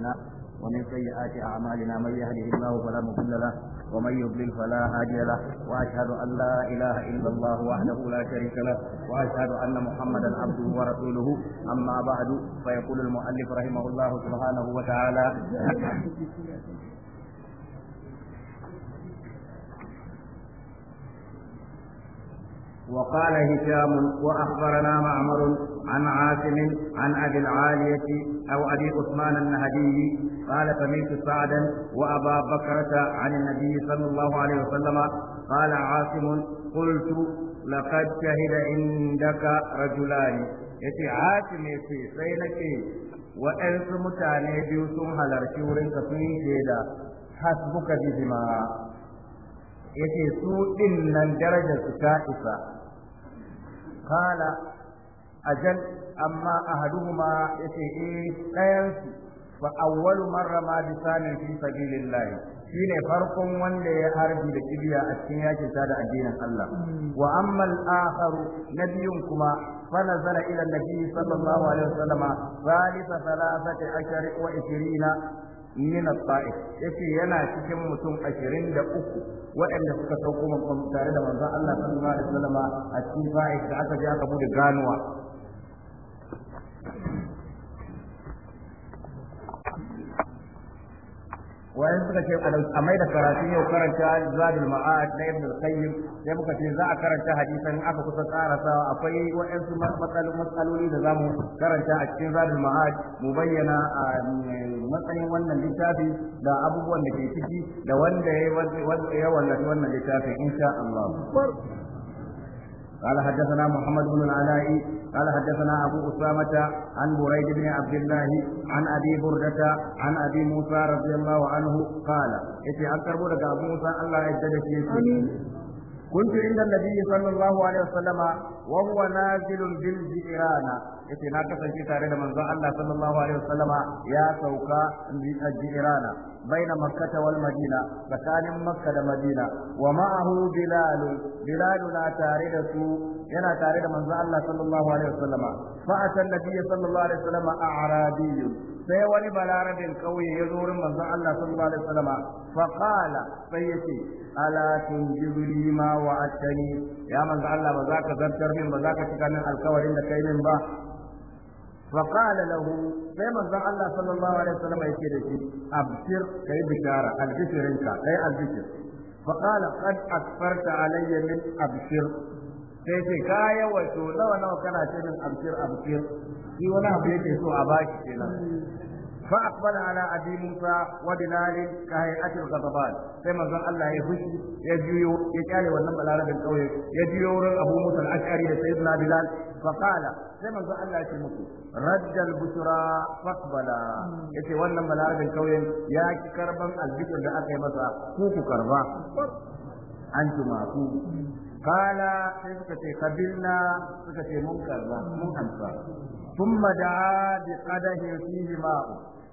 أنفسنا ومن سيئات أعمالنا من يهده الله فلا مضل له ومن يضلل فلا هادي له وأشهد أن لا إله إلا الله وحده لا شريك له وأشهد أن محمدا عبده ورسوله أما بعد فيقول المؤلف رحمه الله سبحانه وتعالى وقال هشام وأخبرنا معمر عن عاصم عن أبي العالية أو أبي عثمان النهدي قال سمعت سعدا وأبا بكرة عن النبي صلى الله عليه وسلم قال عاصم قلت لقد شهد عندك رجلان yace عاصم yace sai nake wa'ansu mutane biyu sun halarci wurinka sun shaida hasbuka bihima yace su din nan darajar su ta isa a ajal amma ahaduhuma yace eh kayan su fa awwalu marra ma bisanin fi sabilillah shine farkon wanda ya harbi da kibiya a cikin yakin ta da addinin Allah wa amma al-akhar nabiyun kuma fa nazara ila an-nabi sallallahu alaihi wasallama thalitha thalathati ashari wa 20 min as-sa'id yace yana cikin mutum 23 waɗanda suka sauko tare da manzon Allah sallallahu alaihi wasallam a cikin da aka je aka bude ganuwa wayan suka ce a mai da karatu yau karanta zadul ma'ad na ibn al-qayyim sai muka ce za a karanta hadisan aka kusa sawa akwai wayan matsaloli da zamu karanta a cikin zadul ma'ad mu bayyana a mm, matsayin wannan littafi da abubuwan da ke ciki da wanda ya wallafi wannan littafin insha Allah قال حدثنا محمد بن العلاء قال حدثنا أبو أسامة عن بريد بن عبد الله عن أبي بردة عن أبي موسى رضي الله عنه قال إتي أكبر أبو موسى الله يجدك كنت عند النبي صلى الله عليه وسلم وهو نازل بالجيران yace na kasance tare da manzon Allah sallallahu alaihi wasallama ya sauka a jirana baina makkata wal madina tsakanin makka da madina wa ma'ahu bilal bilal na tare da su yana tare da manzon Allah sallallahu alaihi wasallama fa atan nabiy sallallahu alaihi wasallama a'rabi sai wani balarabin kauye ya zo wurin manzon Allah sallallahu alaihi wasallama fa qala sai yace ala tun jibri ma wa'adtani ya manzo Allah ba za ka zartar min ba za ka cika min alkawarin da kai min ba fa qala lahu sai manzo Allah sallallahu alaihi wasallam yake da shi abshir kai bishara ka kai albishir fa qala qad akfarta alayya min abshir sai ce ka yawaito nawa nawa kana ce min abshir abshir shi wani abu yake so a baki kenan فأقبل على أبي موسى وبلال كهيئة الغضبان كما زال الله يهشي يجيو يجعل ونم العرب القوي يجيو أبو موسى الأشعري لسيدنا بلال فقال كما زال الله يهشي رد البشرى فاقبلا يتي ونم العرب القوي يا كربا البشر لأكي مسا كوك كربا أنتما كوك قال sai suka ce kabilna suka ce mun karba mun amsa ثم دعا بقدح فيه ماء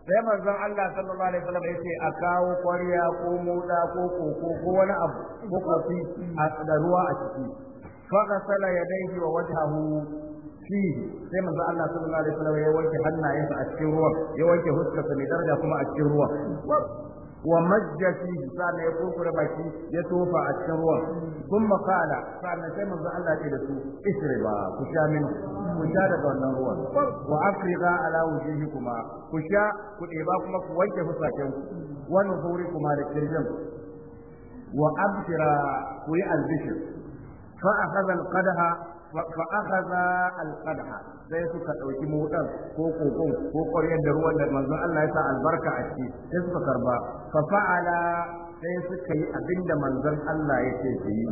sai manzon Allah sallallahu alaihi wasallam yace a kawo ƙwarya ko moda ko koko ko wani abu ko kofi da ruwa a ciki fa ghasala yadayhi wa wajhahu fihi sai manzo Allah sallallahu alaihi wasallam ya wanke hannayensa a cikin ruwa ya wanke huskarsa mai daraja kuma a cikin ruwa. wa majja fihi ya kurkure baki ya tofa a cikin ruwan kuma kala na sai manzo Allah ya ce da su isriba ku sha min ku sha da wannan ruwan wa afriga ala wujuhikuma ku sha ku ɗeba kuma ku wanke fusaken ku wa nuhurikuma da kirjan. wa abshira ku yi albishir fa akhadha al القدح sai suka ɗauki motar ko kokon ko ƙwaryar da ruwan da manzon Allah ya sa albarka a ciki sai suka karba fa fa'ala sai suka yi abinda manzon Allah ya ce su yi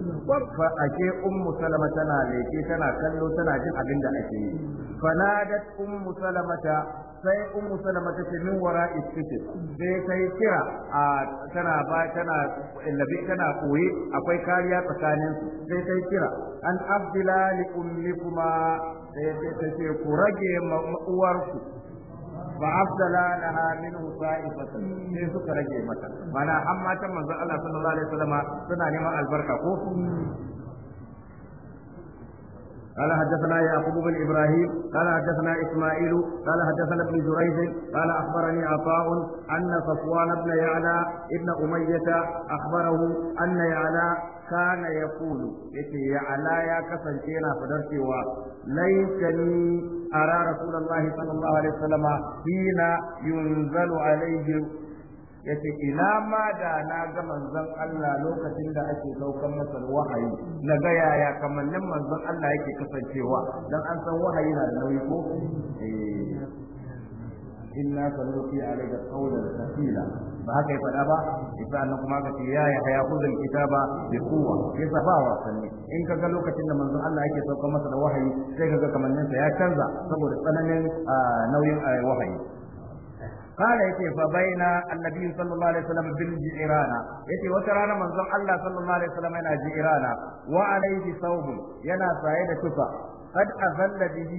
ake ummu salama tana leke tana kallo tana jin abinda ake yi fanadat ummu salamata sai ummu salama ta ce min wara istitir sai kai kira a tana ba tana labi tana koyi akwai kariya tsakanin su sai kai kira an abdila li kuma. sai ta ce ku rage uwarku fa afdala laha minhu sa'ifatan sai suka rage mata mana amma matan manzon Allah sallallahu alaihi wasallam suna neman albarka ko قال حدثنا يعقوب بن ابراهيم قال حدثنا اسماعيل قال حدثنا ابن جريج قال اخبرني عطاء ان صفوان بن يعلى ابن اميه اخبره ان يعلى كان يقول يتي يعلى يا كسن كينا فدرتي ليتني ارى رسول الله صلى الله عليه وسلم حين ينزل عليه yace ina ma da na ga manzon Allah lokacin da ake saukan masa wahayi na ga yaya kamannin manzon Allah yake kasancewa dan an san wahayi na da nauyi ko eh. inna sanulqi alayka qawlan thaqila ba haka ya faɗa ba isa nan kuma ka ce ya ya haya kuzul kitaba bi ya yasa ba wasanni in ka ga lokacin da manzon Allah yake sauka masa da wahayi sai ka ga kamannin sa ya canza saboda tsananin ah, nauyin eh, wahayi قال يتي فبين النبي صلى الله عليه وسلم بالجيران يتي وترانا من زم الله صلى الله عليه وسلم ينا جيران وعليه ثوب ينا سايد تفا قد أذل به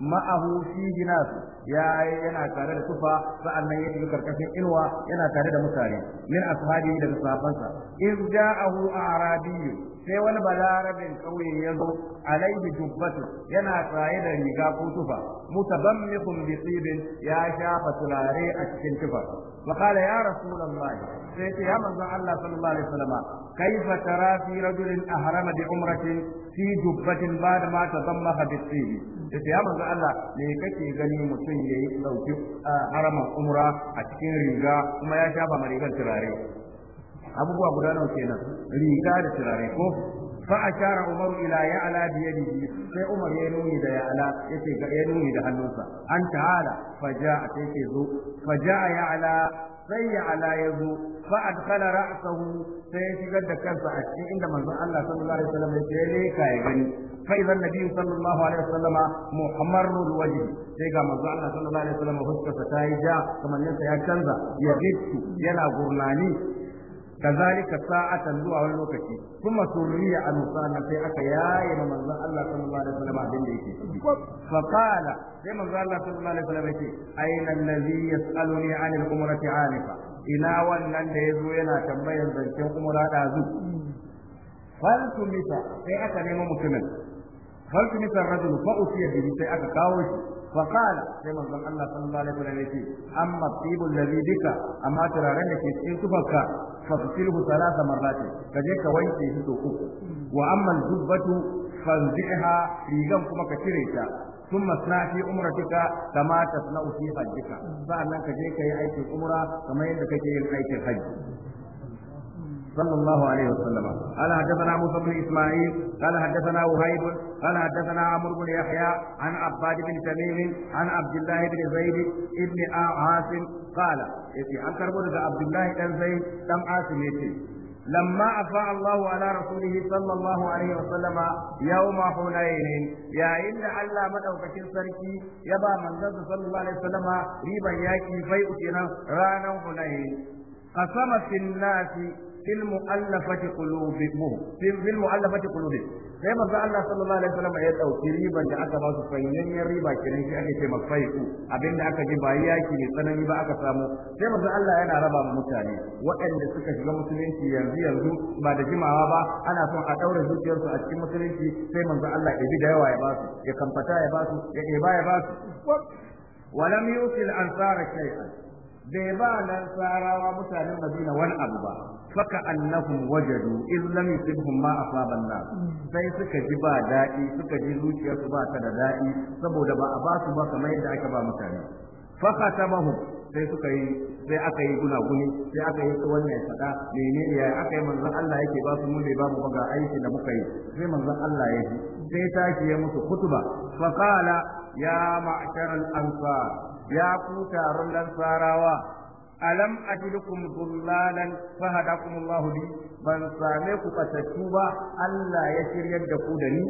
معه في جناس يا ينا تارد تفا فأنا يتي كركس إنوا ينا تارد مساري من أصحابه لكسافنسا إذ جاءه أعرابي sai wani balarabin kauye ya zo alaihi jubbatu yana tsaye da riga ko tufa mutabammikun bi tibin ya shafa turare a cikin tufa wa qala ya rasulullahi sai ce ya manzon Allah sallallahu alaihi wasallam kaifa tara fi rajulin ahrama bi umratin fi jubbatin ba'da ma tabammaka bi sai ya manzon Allah me kake gani mutum yayi dauki haraman umra a cikin riga kuma ya shafa marigan turare abubuwa guda nawa kenan riga da turare ko fa ashara umaru ila ya'la bi yadihi sai umar ya nuni da ya'la yace ga ya nuni da hannunsa an ta'ala fa ja'a sai ke zo fa ja'a ya'la sai ya'la ya zo fa adkhala ra'sahu sai ya shigar da kansa a cikin inda manzon Allah sallallahu alaihi wasallam ya leka ya gani fa idan nabi sallallahu alaihi wasallam muhammarul wajhi sai ga manzon Allah sallallahu alaihi wasallam huskarsa ta yi ja kamar ya canza ya yana gurnani كذلك ساعة زوا ولوكتي ثم سرية عن مصانا في أكا يا يا من الله صلى الله عليه وسلم عبد فقال يا من الله صلى الله عليه وسلم أين الذي يسألني عن الأمرة عانفة إلى ولن يزو ينا تنبين زنكين عزو فلت مثل في أكا نيم مسلم مثل الرجل فأسيه به في أكا كاوشي فقال كما قال الله صلى الله عليه وسلم أما الطيب الذي بك أما ترارن في سيفك فاغسله ثلاث مرات كذلك ويتي سوء وأما الجبة فانزعها ريغم كما كتريتا ثم اصنع في عمرتك كما تصنع في حجك فأنا كذلك يا أيتي العمرة كما يندك أيتي الحج صلى الله عليه وسلم قال حدثنا موسى بن اسماعيل قال حدثنا وهيب قال حدثنا عمرو بن يحيى عن عباد بن تميم عن عبد الله بن زيد بن عاصم قال يتي عن عبد الله بن زيد بن عاصم يتي لما أفاء الله على رسوله صلى الله عليه وسلم يوم حنين يا إن الله مدوكتين سركي يبا من صلى الله عليه وسلم ريبا ياكي فيؤتنا رانا حنين قسمت الناس fil mu'allafati qulubikum fil mu'allafati sai manzo Allah sallallahu alaihi wasallam ya dauki riban da aka ba su fayyanyen riba kenan shi ake ce Abin da aka ji ba yaki ne tsanani ba aka samu sai manzo Allah yana raba ma mutane waɗanda suka shiga musulunci yanzu yanzu ba da jimawa ba ana son a daura zuciyarsu a cikin musulunci sai manzo Allah ya bi da yawa ya ba su ya kamfata ya ba su ya ɗeba ya ba su ولم يوصل الأنصار شيئا bai ba nan sarawa mutanen Madina wani abu ba faka annahum wajadu in lam yusibhum ma asaba sai suka ji ba daɗi suka ji zuciyarsu ba ta da daɗi saboda ba a ba su ba kamar yadda aka ba mutane fakatamahu sai suka yi sai aka yi gunaguni sai aka yi wannan ya fada menene ya aka yi manzon Allah yake ba su mu babu ba ga aiki da muka yi sai manzon Allah ya ji sai ki ya musu kutuba faqala ya ma'shar al-ansar ya ku taron sarawa alam ajidukum dhullalan fahadakum Allah bi ban same ku fatattu ba Allah ya shiryar da ku da ni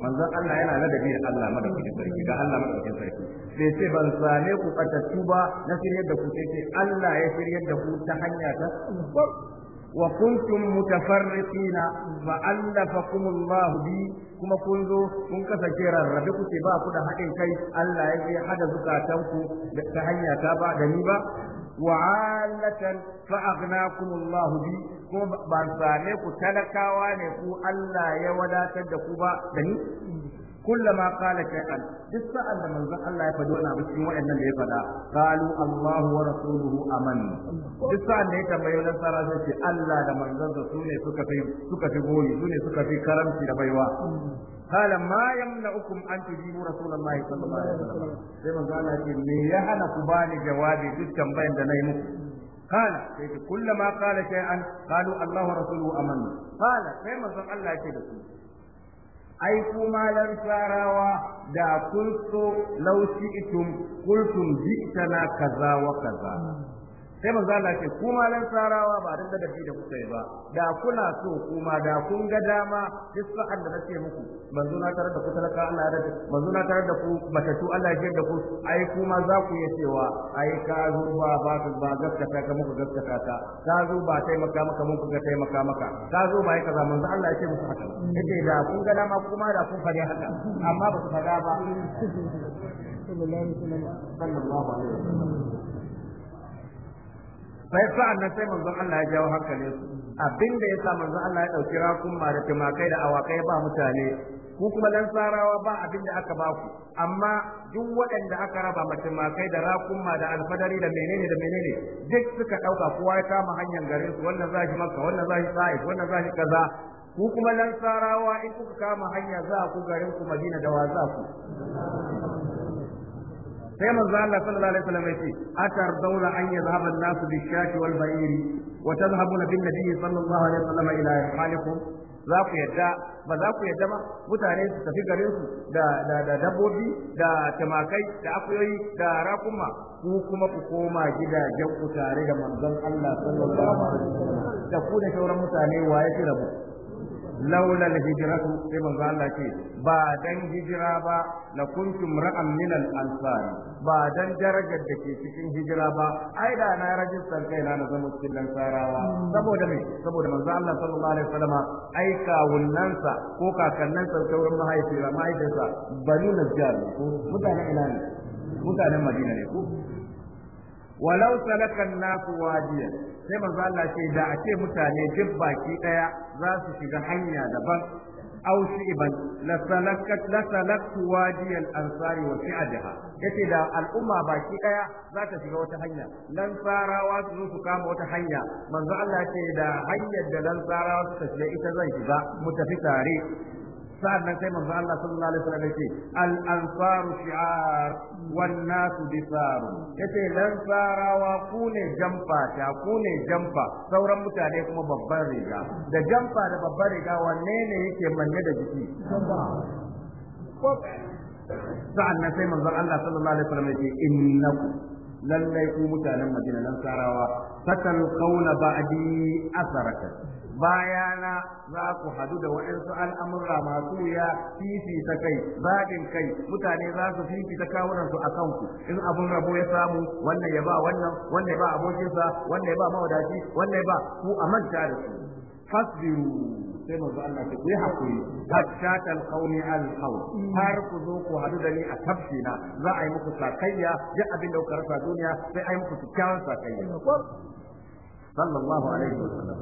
manzon Allah yana ladabi da Allah madaukakin sarki ga Allah madaukakin sarki sai sai ban same ku fatattu ba na shiryar da ku sai sai Allah ya shiryar da ku ta hanya ta وكنتم متفرقين فألفكم الله بي kuma kun zo kun kasance rarrabe kuke ba ku da haɗin kai Allah ya ce hada da ta hanya ta ba da ni ba wa'alatan fa aghnakumullahu bi ko ba same ku talakawa ne ku Allah ya wadatar da ku ba da ni كلما قال شيئا جس أن من ذا الله يفدونا بسي وإن اللي فدا قالوا الله ورسوله أمن جس أن يتبعي نصر سيتي الله لمن ذا سوني سكفي سكفي بولي سوني سكفي كرمتي لبيوا قال ما يمنعكم أن تجيبوا رسول الله صلى الله عليه وسلم كما قال لي يهنا كباني جوابي جس كم بين دنيمك قال كلما قال شيئا قالوا الله ورسوله أمن قال كما قال الله يتبعي ai ku malan sarawa da kun so laushi itum kultum tana kaza wa kaza sai manzo Allah ce kuma lan sarawa ba dan da da kuka yi ba da kuna so kuma da kun ga dama duk sa'an da ce muku manzo na tarar da ku talaka Allah ya manzo na tarar da ku matatu Allah ya da ku ai kuma za ku yi cewa ai ka zo ba ba ba gaskata ka muku gaskata ka ka zo ba taimaka maka mun ga taimaka maka ka zo ba kaza manzo Allah ya ce muku haka yace da kun ga dama kuma da kun fare haka amma ba su fada ba sallallahu alaihi wasallam sai sa'an nan sai manzon Allah ya jawo hankalin su abinda yasa manzon Allah ya dauki rakumma da tumakai da awakai ba mutane ku kuma sarawa ba abinda aka ba ku amma duk waɗanda aka raba ma tumakai da rakuma da alfadari da menene da menene duk suka dauka kowa ya kama hanyar garin su wannan zashi makka wannan zashi sa'id wannan zashi kaza ku kuma sarawa in kuka kama hanya za ku garin ku madina da wa ku sai manzo Allah sallallahu alaihi wasallam yace atar daula an yadhhab an-nas bi-shati wal-ba'ir wa tadhhabuna bin-nabi sallallahu alaihi wasallam ila halikum za ku yadda ba za ku yadda ba mutane su tafi garin su da da dabbobi da tamakai da akuyoyi da rakuma ku kuma ku koma gidajen ku tare da manzon Allah sallallahu alaihi wasallam da ku da sauran mutane waye ki rabu laula al-hijratu sai manzo Allah ce ba dan hijira ba la kuntum ra'an min al-ansar ba dan darajar da ke cikin hijira ba ai da na rajistar kai na zama cikin ansarawa saboda me saboda manzo Allah sallallahu alaihi wasallam ai sa ko sa ta wurin mahaifiya mahaifinsa banu najjar ko mutanen ina ne mutanen Madina ne ko walau salakan nasu wadiya sai manzo Allah ce da a ce mutane duk baki daya za su shiga hanya daban aw shi'ban la salakat la salaktu wadiya al-ansari wa fi'adaha yace da al'umma baki daya za ta shiga wata hanya lan sarawa su su kama wata hanya manzo Allah ce da hanyar da lan sarawa su tafi ita zan shiga mu tafi tare nan sai manzo Allah sallallahu alaihi wasallam yace al ansaru shi'ar wan nasu bisaru yace dan sarawa ku ne jamfa ta ku ne jamfa sauran mutane kuma babban riga da jamfa da babban riga wanne ne yake manne da jiki nan sai manzo Allah sallallahu alaihi wasallam yace innakum lallai ku mutanen madina nan sarawa satal kauna ba'di asaraka bayana za ku hadu da waɗansu al'amurra masu ya fifita kai zaɗin kai mutane za su fifita kawunansu a kanku in abun rabo ya samu wannan ya ba wannan wannan ya ba abokinsa wannan ya ba mawadaci wannan ya ba ku a manta da su fasbiru sai manzo Allah ta yi hakuri hatta talqauni alqaw har ku zo ku hadu da ni a tafsi na za a yi muku sakayya duk abin da kuka rasa duniya sai a yi muku kyakkyawan sakayya sallallahu alaihi wasallam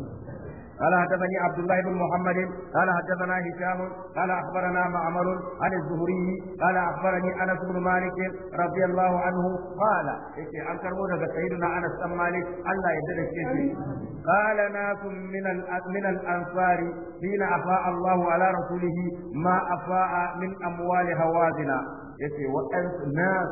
قال حدثني عبد الله بن محمد قال حدثنا هشام قال اخبرنا معمر عن الزهري قال اخبرني انس بن مالك رضي الله عنه قال يتي إيه انكر مودك سيدنا انس بن مالك الله يدرك قال ناس من من الانصار حين افاء الله على رسوله ما افاء من اموال هوازنا يتي إيه وانس ناس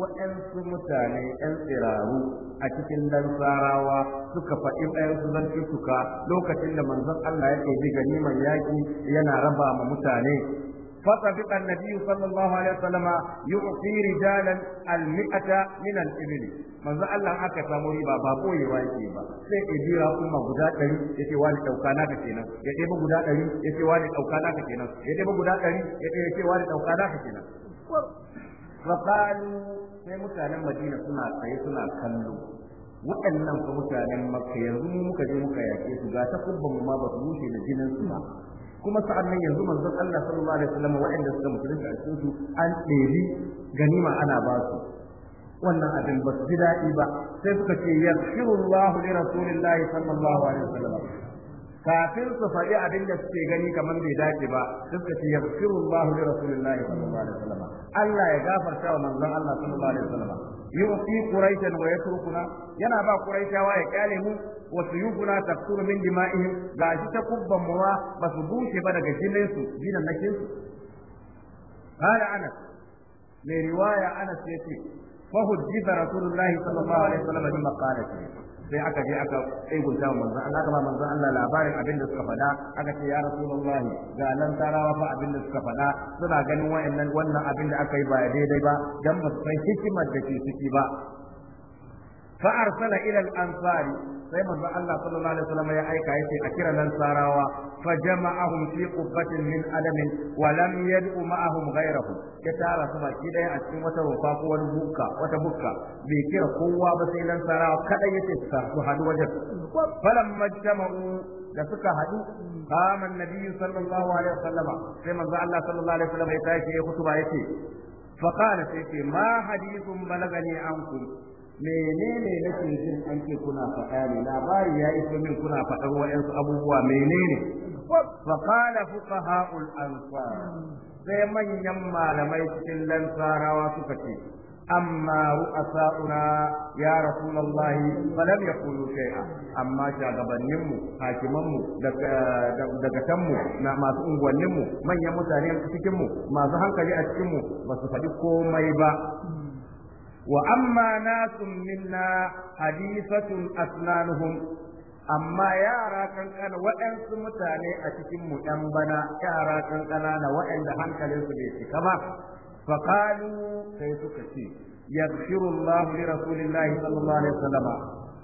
waɗansu mutane ‘yan tsiraru a cikin lansarawa suka faɗi ɗayan su zarfi suka lokacin da manzon Allah ya gani ganiman yaƙi yana raba ma mutane. فطبق النبي صلى الله عليه وسلم يعطي رجالا المئة minan الإبل manzo Allah aka samu riba ba koyewa yake ba sai ya jira umma guda ɗari ya ce wani ɗauka naka kenan ya ɗebe guda ɗari ya ce wani ɗauka naka kenan ya ɗebe guda ɗari ya ce wani ɗauka naka kenan فقالوا sai mutanen madina suna tsaye suna kallo waɗannan fa mutanen makka yanzu mu muka je muka yaƙe su ga takubban mu ma ba su bushe da jinin su ba kuma sa'an nan yanzu manzon Allah sallallahu alaihi wasallam waɗanda suka musulunta da cikin su an ɗebi ganima ana ba su wannan abin ba su ji daɗi ba sai suka ce yaghfirullahu li rasulillahi sallallahu alaihi wasallam kafin su faɗi abin da suke gani kamar bai dace ba duk da suka ce yaghfirullahu li rasulillahi sallallahu alaihi wasallam Allah ya gafarta wa manzon Allah sallallahu alaihi wasallam yufi quraishan wa yatrukuna yana ba quraishawa ya kyale mu wa suyufuna taqtulu min dima'ihim gashi ta kubban muwa ba su bushe ba daga jinin su jinan nakin su hala أنس mai riwaya أنس يتيم فهجب رسول الله صلى الله عليه وسلم بمقالته sai aka je aka aikunta wa manzan Allah kama manzan Allah labarin abin da suka faɗa aka ce ya rasulullah ga nan tarawa fa abin da suka faɗa suna ganin wayannan wannan abin da aka yi ba daidai ba dan ba su san hikimar da ke ciki ba fa arsala ila al-ansari sai manzo Allah sallallahu alaihi wasallam ya aika yace a kira nan sarawa fa jama'ahum fi qubbatin min wa lam yad'u ma'ahum ya tara su baki daya a cikin wata rufa ko wani bukka wata bukka bai kira kowa ba sai nan sarawa kadai yace su hadu wajen da suka haɗu kama nabi sallallahu alaihi sai Allah sallallahu alaihi ya tashi ya kutuba yace fa qala sai ce ma hadithun balagani ankum menene nake jin an ce kuna faɗa ne labari ya iso min kuna faɗan wa'ansu abubuwa menene fa qala fuqaha'ul ansar sai manyan malamai cikin lansara wa suka ce amma ru'asa'una ya rasulullahi fa lam yaqulu shay'a amma shagabannin mu hakiman mu daga tan mu na masu unguwannin mu manyan mutane cikin mu masu hankali a cikin mu ba su faɗi komai ba وأما ناس منا حديثة أسنانهم amma yara kankana waɗansu mutane a cikin mu ɗan bana yara kankana na waɗanda hankalinsu bai cika ba faƙalu sai suka ce yaghfiru Allahu li rasulillahi sallallahu alaihi wasallam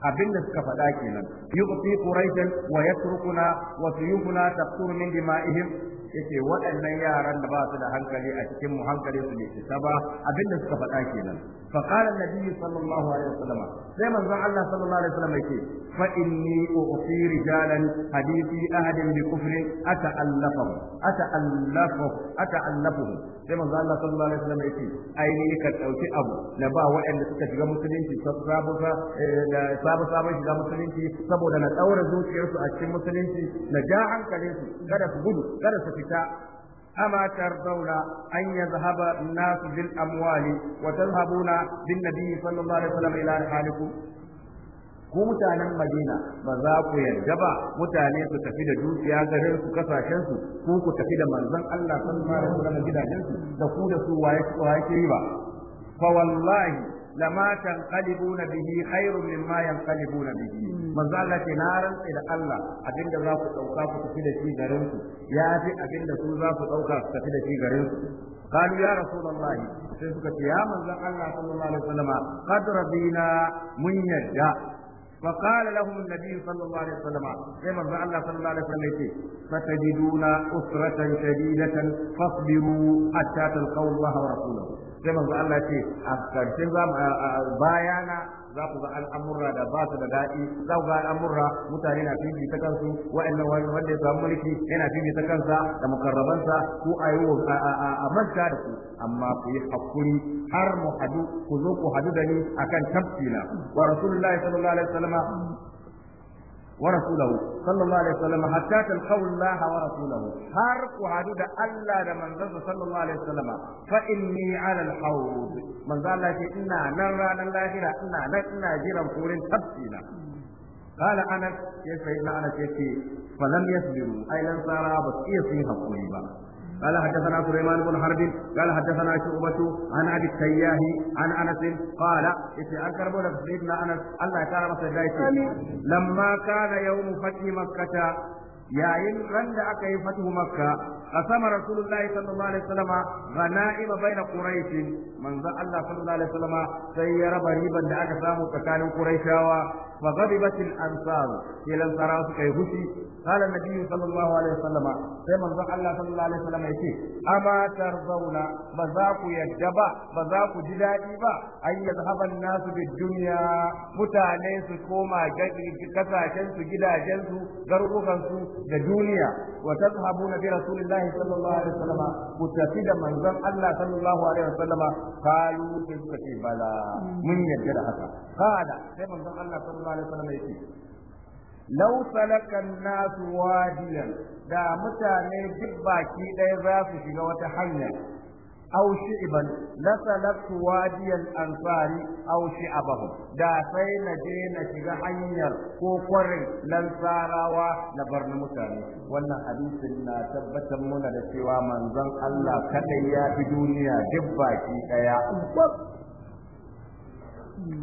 abin da suka faɗa kenan yuqti quraishan wa yatrukuna wa suyufuna taqtur min dima'ihim yake waɗannan yaran da ba su da hankali a cikin mu hankali su ne isa ba abinda suka faɗa kenan fa qala annabi sallallahu alaihi wasallam sai manzon Allah sallallahu alaihi wasallam yake fa inni uqi rijalan hadithi ahadin bi kufri ata'allafahu ata'allafahu ata'allafahu sai manzon Allah sallallahu alaihi wasallam yake ai ne ka dauki abu na ba waɗanda suka shiga musulunci sabu eh, sabu sabu shiga musulunci saboda na daura zuciyarsu a cikin musulunci na ja hankalinsu kada su gudu kada su fita أما ترضون أن يذهب الناس بالأموال وتذهبون بالنبي صلى الله عليه وسلم إلى رحالكم ku mutanen Madina ba za ku yarda ba mutane su tafi da dukiya garin su kasashen su ku ku tafi da manzon Allah sallallahu alaihi wasallam gidajen su da ku da su waye ku waye ba fa wallahi lama tanqalibuna bihi khairun mimma yanqalibuna bihi manzo Allah ce na rantsa da Allah abinda za ku dauka ku tafi da shi garin ku ya fi abinda su za ku dauka ku tafi da shi garin ku قالوا يا رسول الله سيدك يا من الله صلى الله عليه وسلم قد رضينا من يدى فقال لهم النبي صلى الله عليه وسلم كما قال الله صلى الله عليه وسلم فتجدون أسرة شديدة فاصبروا حتى تلقوا الله ورسوله sai manzo Allah ce a karshen bayana za ku ga al'amurra da ba su da daɗi za ku ga al'amurra mutane na fifi ta kansu wa'annan wanda ya samu mulki yana fifi ta kansa da mukarrabansa ku a yi a manta da ku amma ku yi hakuri har mu hadu ku zo ku hadu da ni akan tafsila wa rasulullahi sallallahu alaihi wasallam ورسوله صلى الله عليه وسلم حتى تلقوا الله ورسوله هارك حدود ألا لمن صلى الله عليه وسلم فإني على الحوض من ذا الله إنا نرى نلاهرة إنا نكنا جيرا فورين تبسينا قال أنس يا سيدنا أنس يتي فلم يصبروا أي لن صار بس إيه فيها قريبا قال حدثنا سليمان بن حرب قال حدثنا شعبة عن ابي التياه عن انس قال اتذكر بولا سيدنا انس الله كرم سيدنا لما كان يوم فتح مكة yayin ran da aka yi fatihu makka kasama rasulullahi sallallahu alaihi wasallam ghanaim baina quraish manzo Allah sallallahu alaihi wasallam sai ya raba riban da aka samu tsakanin quraishawa fa ghadibat al ansar kilan sara suka yi hushi qala nabi sallallahu alaihi wasallam sai manzo Allah sallallahu alaihi wasallam yace ama tarzauna ba za ku yadda ba ba za ku ji dadi ba an yadhaban nasu bid dunya mutane su koma gadi kasashen su gidajen su garurukan su da duniya wa tazhabuna bi rasulillahi sallallahu alaihi wasallam ku tafi da manzon Allah sallallahu alaihi wasallam kayu sai suka ce bala mun yarda da haka kada sai manzon Allah sallallahu alaihi wasallam yake law salaka an-nas wadiyan da mutane duk baki ɗaya za su shiga wata hanya أو شعبا لسلكت وادي الأنصار أو شعبهم دا سين جينا شغا حنير كوكور لنصاراوا لبرن متاني وانا حديث لنا تبت منا لسوا من ظن الله كتيا في دنيا جباكي كيا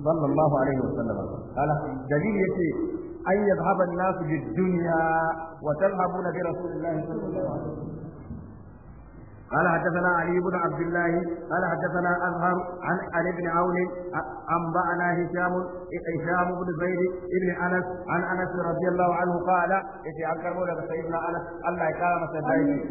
صلى الله عليه وسلم قال دليل يتي أن يذهب الناس بالدنيا وتذهبون برسول الله صلى الله عليه وسلم قال حدثنا علي بن عبد الله قال حدثنا أزهر عن علي بن عون أنبأنا هشام هشام بن زيد بن أنس عن أنس رضي الله عنه قال إذا أكرموا لك سيدنا أنس الله يكرم سيدنا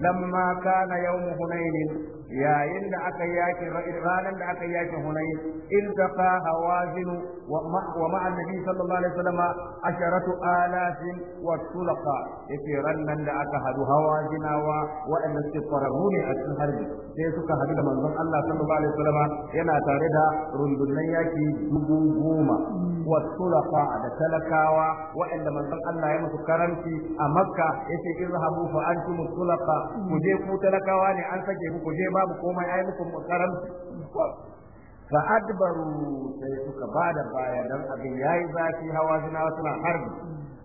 لما كان يوم هنين yayin da aka yaki ranar da aka yaki hunayn iltaqa hawazin wa ma'a sallallahu alaihi wasallam asharatu alafin wa tulaqa yace rannan da aka hadu hawazinawa waɗanda suke kwararru ne a cikin harbi sai suka hadu da manzon Allah sallallahu alaihi wasallam yana tare da rundunan yaki dubu goma wa tulaqa da talakawa waɗanda manzon Allah ya musu karanci a Makka yace izhabu fa antum tulaqa ku je ku talakawa ne an sake ku je ba babu komai ai muku mukaran fa adbaru sai suka bada baya dan abin yayi zafi hawa suna suna harbi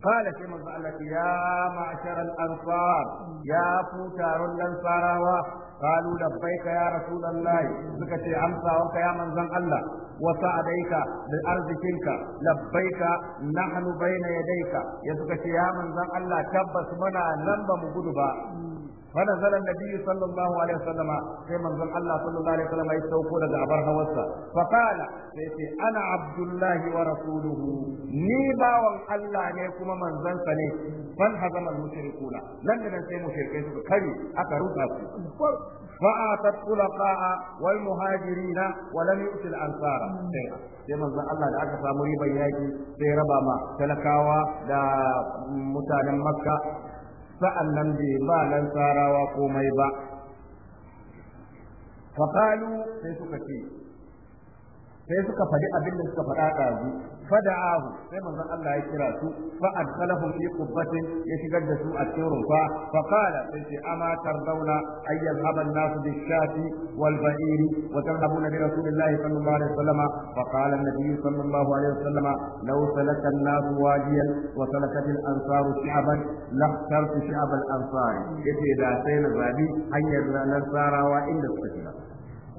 kala sai ya ma'shara al-ansar ya futarun dan sarawa kalu labbaika ya rasulullah suka ce amsa wanka ya manzon Allah wa sa'adaika bi arzikinka labbaika nahnu bayna yadayka ya suka ce ya manzon Allah tabbas muna nan ba mu gudu ba فنزل النبي صلى الله عليه وسلم في منزل الله صلى الله عليه وسلم يستوقو لدى أبر هوسا فقال سيتي أنا عبد الله ورسوله نيبا والله عليكم منزل سني فانهزم المشركون لن ننسي مشركين كري أكروت فآتت خلقاء والمهاجرين ولم يؤت الأنصار sai manzon Allah da aka samu riban yaki sai raba ma talakawa da mutanen Makka sa'annan bai ba nan sarawa komai ba faqalu sai suka ce sai suka faɗi abin da suka faɗa ɗazu fada'ahu sai manzon Allah ya kira su fa adkhalahu fi qubbatin ya shigar da su a cikin rumfa fa qala sai ce ama tardawna ayyal haban nas bi shati wal ba'iri wa tadhabuna bi rasulillahi sallallahu alaihi wasallam fa qala an-nabi sallallahu alaihi wasallam law salaka an-nas wadiyan wa salakat al-ansar shi'aban la ikhtartu shi'ab al-ansar yace da sai na zabi hanyar ranar sarawa inda suka shiga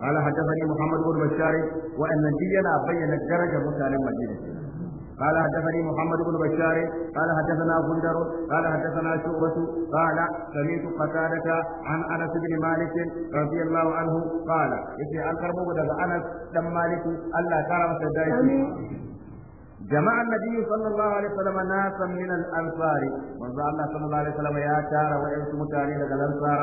قال حدثني محمد بن بشار وأن دينا بين الدرجة مثال المدينة قال حدثني محمد بن بشار قال حدثنا غندر قال حدثنا شعبة قال سمعت قتادة عن انس بن مالك رضي الله عنه قال يجي الكرب بدل انس بن مالك الله كرم سدايته جمع النبي صلى الله عليه وسلم ناسا من الأنصار منذ الله صلى الله عليه وسلم يا تارا وإنس متاني لك الأنصار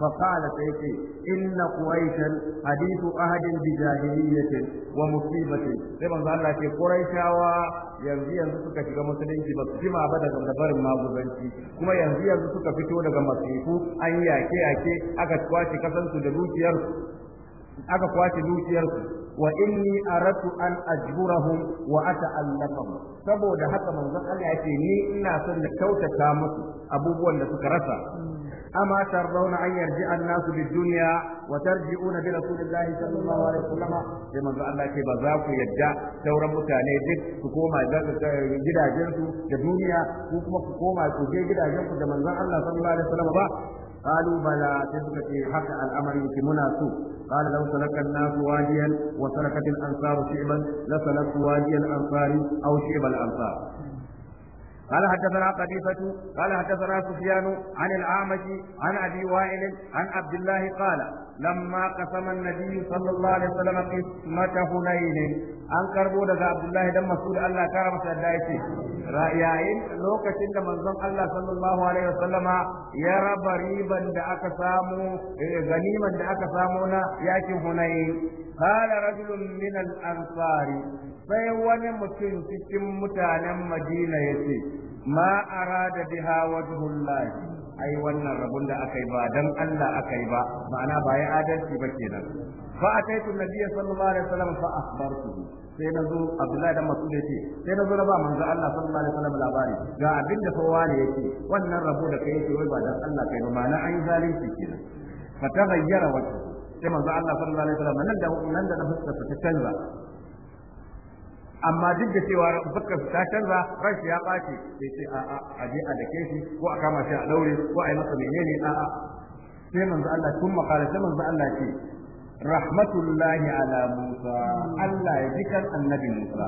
فقال سيكي إن قريشا حديث أحد بجاهلية ومصيبة لما قال الله في قريشا yanzu yanzu suka shiga musulunci ba su jima ba daga dabarin maguzanci kuma yanzu yanzu suka fito daga masifu an yake yake aka kwace kasansu da dukiyarsu aka kwace dukiyarsu wa inni aratu an ajburahum wa ata'allafahum saboda haka manzon Allah ce ni ina son na kyautata musu abubuwan da suka rasa amma tarzauna an yarji annasu bid dunya wa tarji'una bi rasulillahi sallallahu alaihi wasallam sai manzon Allah yake ba za ku yadda sauran mutane duk su koma gidajensu da duniya ko kuma ku koma ku je gidajenku da manzon Allah sallallahu alaihi wasallam ba قالوا بلى تسكت حق الامر يمكن مناسو قال لو سلك الناس واديا وسلكت الانصار شعبا لسلكت وادي الانصار او شعب الانصار قال حدثنا قبيصة قال حدثنا سفيان عن الأعمش عن أبي وائل عن عبد الله قال لما قسم النبي صلى الله عليه وسلم قسمة حنين an karbo daga Abdullahi masu Mas'ud Allah kara masa da yake yayin lokacin da manzon Allah sallallahu alaihi wasallama ya raba riban da aka samo, ganiman da aka samu na yakin hunai, qala rajulun min al sai wani mutum cikin mutanen Madina yace ma da biha wajhullahi ai wannan rabon da aka yi ba dan Allah aka yi ba ma'ana ba ya adalci ba kenan fa ataitu nabiyya sallallahu alaihi wasallam fa akhbartuhu sai na zo Abdullahi da Mas'ud yace sai na zo na ba manzo Allah sallallahu alaihi wasallam labari ga abin da kowa ne yake wannan rabo da kai yake wai ba dan Allah kai ba ma'ana an zalunci kenan fa taghayyara wata, sai manzo Allah sallallahu alaihi wasallam nan da nan da na fuskar ta canza amma duk da cewa fuskar su ta canza ranshi ya ɓaci sai ce a'a a je a dake shi ko a kama shi a ɗaure ko a yi masa menene a'a sai manzo Allah kun makala sai manzo Allah ce rahmatullahi ala Musa Allah ya ji kan annabi Musa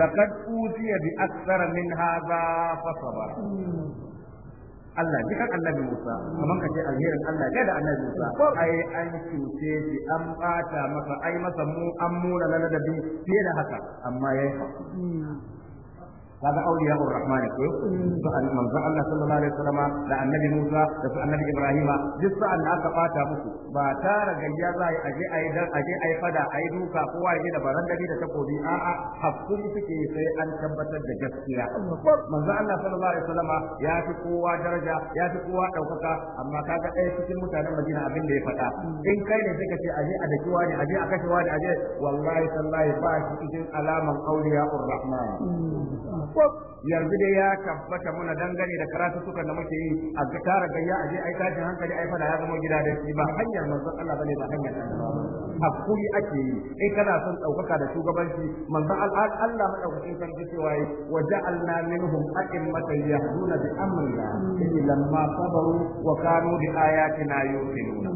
laqad utiya bi aktsara min hadha ba. Allah ji kan annabi Musa kamar ka ce alherin Allah ga da annabi Musa ai an cuce shi an bata masa ai masa mu an muna ladabi fiye da haka amma yayi hakuri hmm. kaga auliya urrahmani ko sa'an manzo Allah sallallahu alaihi wasallam da annabi Musa da su annabi Ibrahim duk sa'an da aka fata musu ba tara gayya za a aje ayi dan aje ayi fada ayi duka kowa ya da barandari da takobi a a hakuri suke sai an tabbatar da gaskiya manzo Allah sallallahu alaihi wasallam ya fi kowa daraja ya fi kowa daukaka amma kaga ɗaya cikin mutanen Madina abin da ya faɗa in kai ne suka ce aje a dakiwa ne aje a kashewa ba shi cikin alaman auliya urrahmani yanzu dai ya tabbata muna dangane da karatu sukan da muke yi a tara gayya a je ai tashin hankali ai fada ya zama gida da shi ba hanyar manzon Allah bane ba hanyar ba hakuri ake yi in kana son daukaka da shugabanci manzon Allah madaukakin sarki cewa yi wa ja'alna minhum a'immatan yahduna bi amrina illa lamma sabaru wa kanu bi ayatina yuqinuna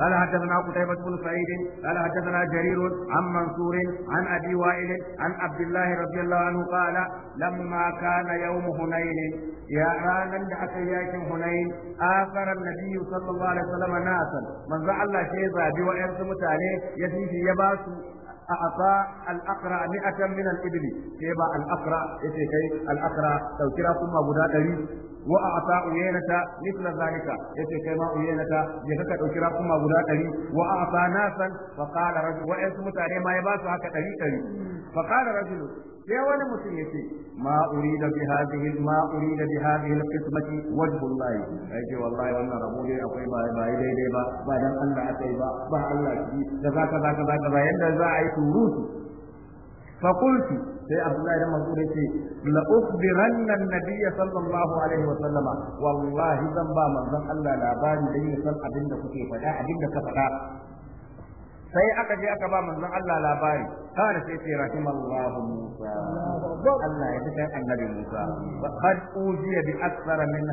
قال حدثنا قتيبة بن سعيد قال حدثنا جرير عن منصور عن أبي وائل عن عبد الله رضي الله عنه قال لما كان يوم هنين يا رانا لأكياك هنين آخر النبي صلى الله عليه وسلم ناسا من زعل شيء بوئر متاني يتيجي يباسو أعطى الأقرع مئة من الإبل كيبا الأقرع يتكي الأقرع لو كرا ثم أبو دادري wa a ata uyenata mithla Ya ce kai ma uyenata jeka ka dauki rakuma guda dari wa a ata nasan fa qala rajul wa ayyu mutare ma ba su haka ɗari-ɗari. fa qala rajul sai wani mutum yace ma urida bi hadhihi ma urida bi hadhihi alqismati ai ke wallahi wannan rabu dai akwai ba ba dai dai ba ba dan Allah akai ba ba Allah ki da zaka zaka zaka ba yanda za a yi turusu فقلت سي عبد الله بن مسعود يتي لاخبرن النبي صلى الله عليه وسلم والله ذنبا من ذن الله لاباري دين يسال ابين da kuke faɗa abin da ka faɗa sai aka je aka ba manzon Allah labari kada sai ce rahimallahu Musa Allah ya ji annabi Musa qad ujiya bi aktsara min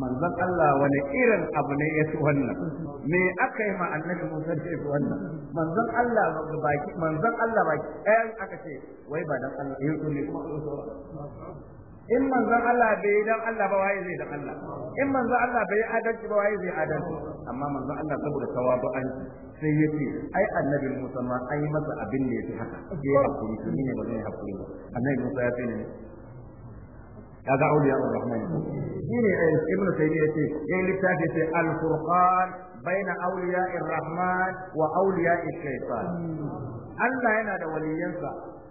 manzon Allah wani irin abu ne ya fi wannan me aka yi ma annabi Musa ya fi wannan manzon Allah ba baki manzon Allah baki ɗayan aka ce wai ba dan Allah ya yi in manzon Allah bai dan Allah ba waye zai dan Allah in manzon Allah bai adalci ba waye zai adalci amma manzon Allah saboda an sai ya ce ai annabi Musa ma ai yi masa abin da ya fi haka ya hakuri ne ba zai hakuri ba annabi Musa ya ce ne kaga auliya ar-rahman shine ibnu sayyid yace yayin littafi yace al-furqan baina auliya ar-rahman wa auliya ash-shaytan Allah yana da waliyansa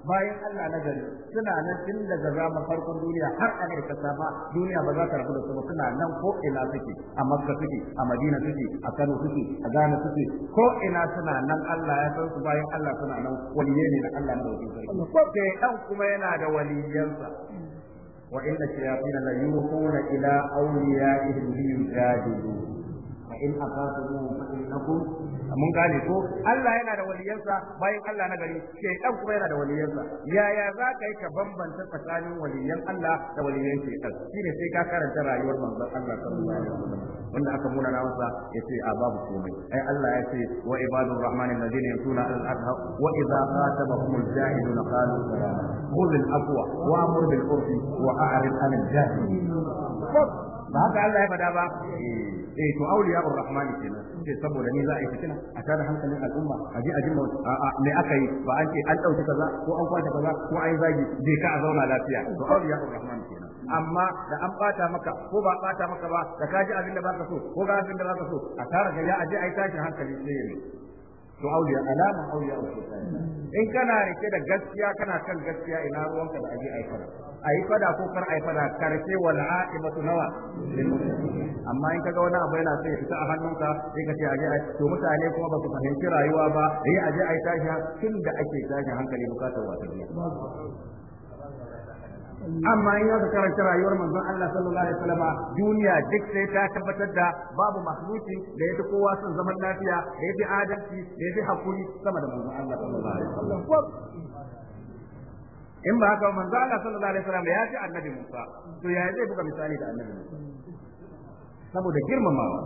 bayan Allah na gari suna nan tun daga zaman farkon duniya har a ne kasa duniya ba za ta rabu da su ba suna nan ko ina suke a Makka suke a Madina suke a Kano suke a Ghana suke ko ina suna nan Allah ya san su bayan Allah suna nan waliye ne na Allah na wajen sarki ko kai dan kuma yana da waliyansa Wa ina shafin layu kona gida aure ya ƙi jin yin daɗi? Wa ina aka samu kake kafin? mun gane ko Allah yana da waliyansa bayan Allah na gari shaytan kuma yana da waliyansa yaya za ka yi ka bambanta tsakanin waliyan Allah da waliyan shaytan shine sai ka karanta rayuwar manzon Allah sallallahu alaihi wasallam wanda aka muna na ya yace a babu komai ai Allah ya ce wa ibadur rahman alladhina yusuna al-ardh wa idza qatabahum al-jahiluna qalu salama qul al-aqwa wa amur bil urfi wa a'rid 'anil jahilin ba haka Allah ya faɗa ba eh to auliya urrahmani kenan ce saboda ni za a yi fitina a tada hankalin al'umma a je a jin a me aka yi ba an ce an dauki kaza ko an kwace kaza ko an yi zagi je ka a zauna lafiya to auliya urrahmani kenan amma da an bata maka ko ba bata maka ba da ka ji abin da baka so ko ga abin da baka so a tara gari a je a yi tashin hankali sai to auliya alama auliya in kana rike da gaskiya kana kan gaskiya ina ruwanka da aje aifa ayi fada ko kar ayi fada karfe wal aibatu nawa amma in kaga wani abu yana sai ya fita a hannunka sai ka ce aje to mutane kuma ba su fahimci rayuwa ba eh aje ai tashi tun da ake tashi hankali bukatar wata amma in aka karanta rayuwar manzon Allah sallallahu alaihi wasallam duniya duk sai ta tabbatar da babu makhluki da yafi kowa son zaman lafiya da yafi adalci da yafi hakuri sama da manzon Allah sallallahu alaihi wasallam in ba haka manzon Allah sallallahu alaihi wasallam ya ce annabi Musa to ya zai buga misali da annabi Musa saboda girmamawa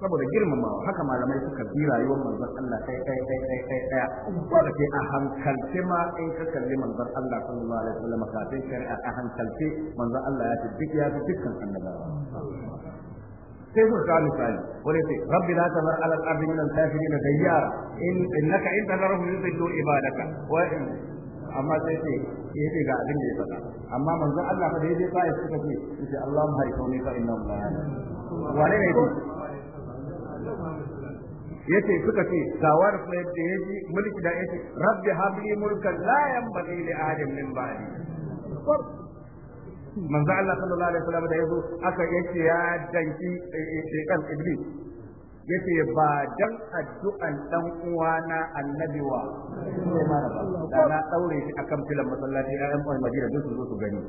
saboda girmamawa haka malamai suka bi rayuwar manzon Allah kai kai kai kai kai daya wanda ke a hankalce ma in ka kalli manzon Allah sallallahu alaihi wasallam kafin shari'a a hankalce manzon Allah ya fi duk ya fi dukkan annabawa sai su ta misali wani sai rabbi la tamar ala al-ardi min al-kafirin dayyar in innaka in tanaruhu yudillu ibadaka wa in amma sai ce ya ce ga abin da ya faɗa amma manzon Allah fa da yaje sai suka ce insha Allah mu harifo ne fa inna Allah wane ne yace suka ce gawar fayar da yaji mulki da yace rabbi habli mulkan la yanbaghi li adam min ba'di manzo Allah sallallahu alaihi wasallam da yazo aka yace ya danki eh, eh, shekan iblis yace ba dan addu'an dan uwana annabi wa da na daure shi akan filan masallaci ya ɗan kwan madina duk su su gani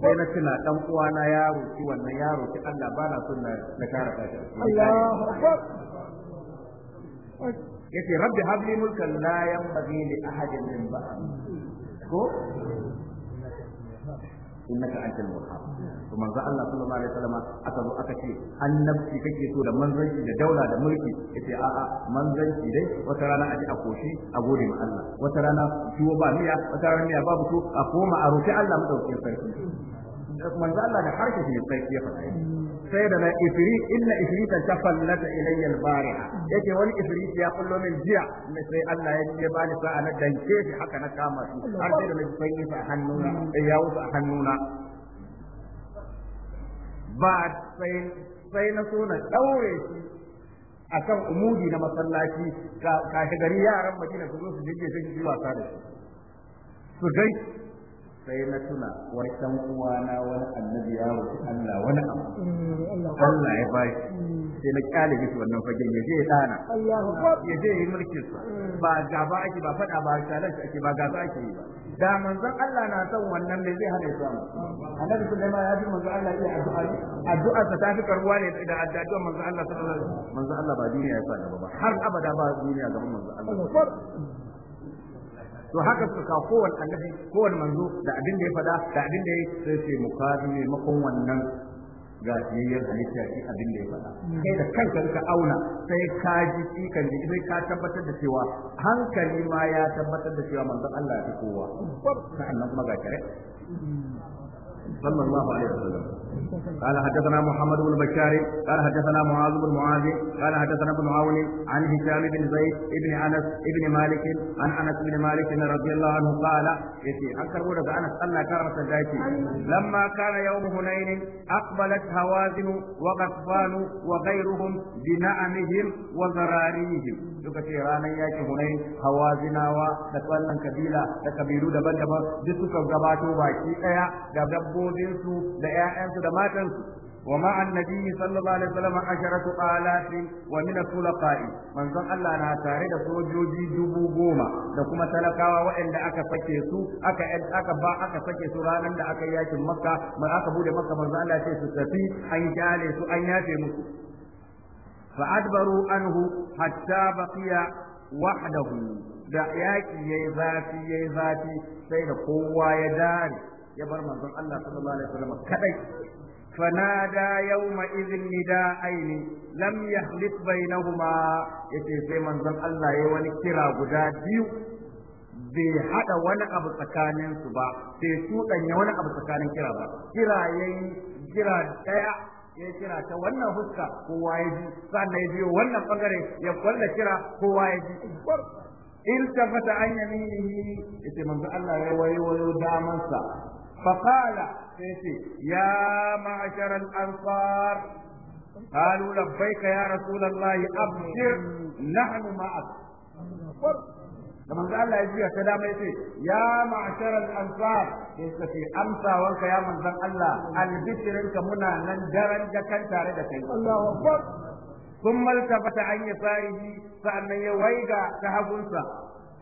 sai na tuna dan uwana ya roki wannan ya roki Allah bana sunna na karata shi Allahu akbar yace rabbi habli mulkan la yanbaghi li ahadin min ba'di ko innaka antal wahhab to sallallahu alaihi wasallam aka zo aka ce da manzanci da daula da mulki yace a'a manzanci dai a ji a koshi a gode tuwo ba miya wata babu to a koma a roki Allah sarki manzo Allah da harshe sai ya faɗa sai da na ifri inna ifrita tafallata ilayya al-bariha yake wani ifrit ya kullo min jiya sai Allah ya ce bani sa'a na danke shi haka na kama su har sai da na sanyi a hannuna ya wuce a hannuna ba sai sai na so na daure shi akan umudi na masallaci ka gari yaran Madina su zo su jige shi wasa da shi su gai sai na tuna wai dan uwana wani annabi ya roki Allah wani abu mm, Allah ya bashi mm. sai na kyale shi wannan fagen ya je dana ya je yi mulkin sa mm. ba gaba ake ba fada ba challenge ake ba gaba ake yi ba da manzon Allah na son wannan ne zai hada su annabi Sulaiman ya ji manzon Allah iya addu'a addu'a sa ta fi karuwa ne da addu'a manzon Allah sallallahu alaihi wasallam manzon Allah ba duniya ya sa gaba ba har abada ba duniya gaban manzon Allah to haka suka ka kowane annabi kowane manzo da abin da ya fada da abin da ya sai sai mukazi ne makon wannan ga yayyar halitta shi abin da ya faɗa Sai da kanka ka auna sai ka ji shi kan ji sai ka tabbatar da cewa hankali ma ya tabbatar da cewa manzo Allah ya fi kowa sannan kuma ga kare sallallahu alaihi wasallam قال حدثنا محمد بن بشار قال حدثنا معاذ بن معاذ قال حدثنا بن عون عن هشام بن زيد بن انس بن مالك عن انس بن مالك رضي الله عنه قال يتي اكثر ولد انس الله كرم سجايتي لما كان يوم هنين اقبلت هوازن وغطفان وغيرهم بنعمهم وزراريهم suka ce ranar yakin hunain hawazinawa da wannan kabila da kabilu daban-daban duk suka gabato baki daya da dabbobinsu da 'ya'yansu da matansu ومع النبي صلى الله عليه وسلم عشرة آلاف ومن الطلقاء من ظن الله أنا تارد سوجوجي دبو غوما لكما تلقاوا وإن دا أكا فكيسو أكا إن أكا با أكا فكيسو رانا دا أكا ياتي مكة من أكا بود مكة من ظن الله تيسو سفي أن جالي سو أن ياتي مكة فأدبروا anhu حتى بقي وحده da yaƙi ya yi zafi ya yi zafi sai da kowa ya dare ya bar manzon Allah sallallahu alaihi wasallam kadai fanada yawma idhin nida'aini lam yahlif bainahuma yace sai manzon Allah yayi wani kira guda biyu bai haɗa wani abu tsakaninsu ba sai su danya wani abu tsakanin kira ba kira yayi kira daya ya kira ta wannan huska kowa ya ji sannan ya biyo wannan bangare ya kwalla kira kowa ya ji iltafata an yaminihi ce manzo Allah ya wayo damansa Fafala qala ce ya ma'ashar al-ansar قالوا لبيك يا رسول الله أبشر نحن معك da manzo Allah ya jiya ta dama yace ya ma'shar al-ansar sai suka ce amsa wanka ya manzon Allah albishirin ka muna nan daren da kan tare da kai Allahu akbar ثم التفت عن ya فأن يويغا تهبنسا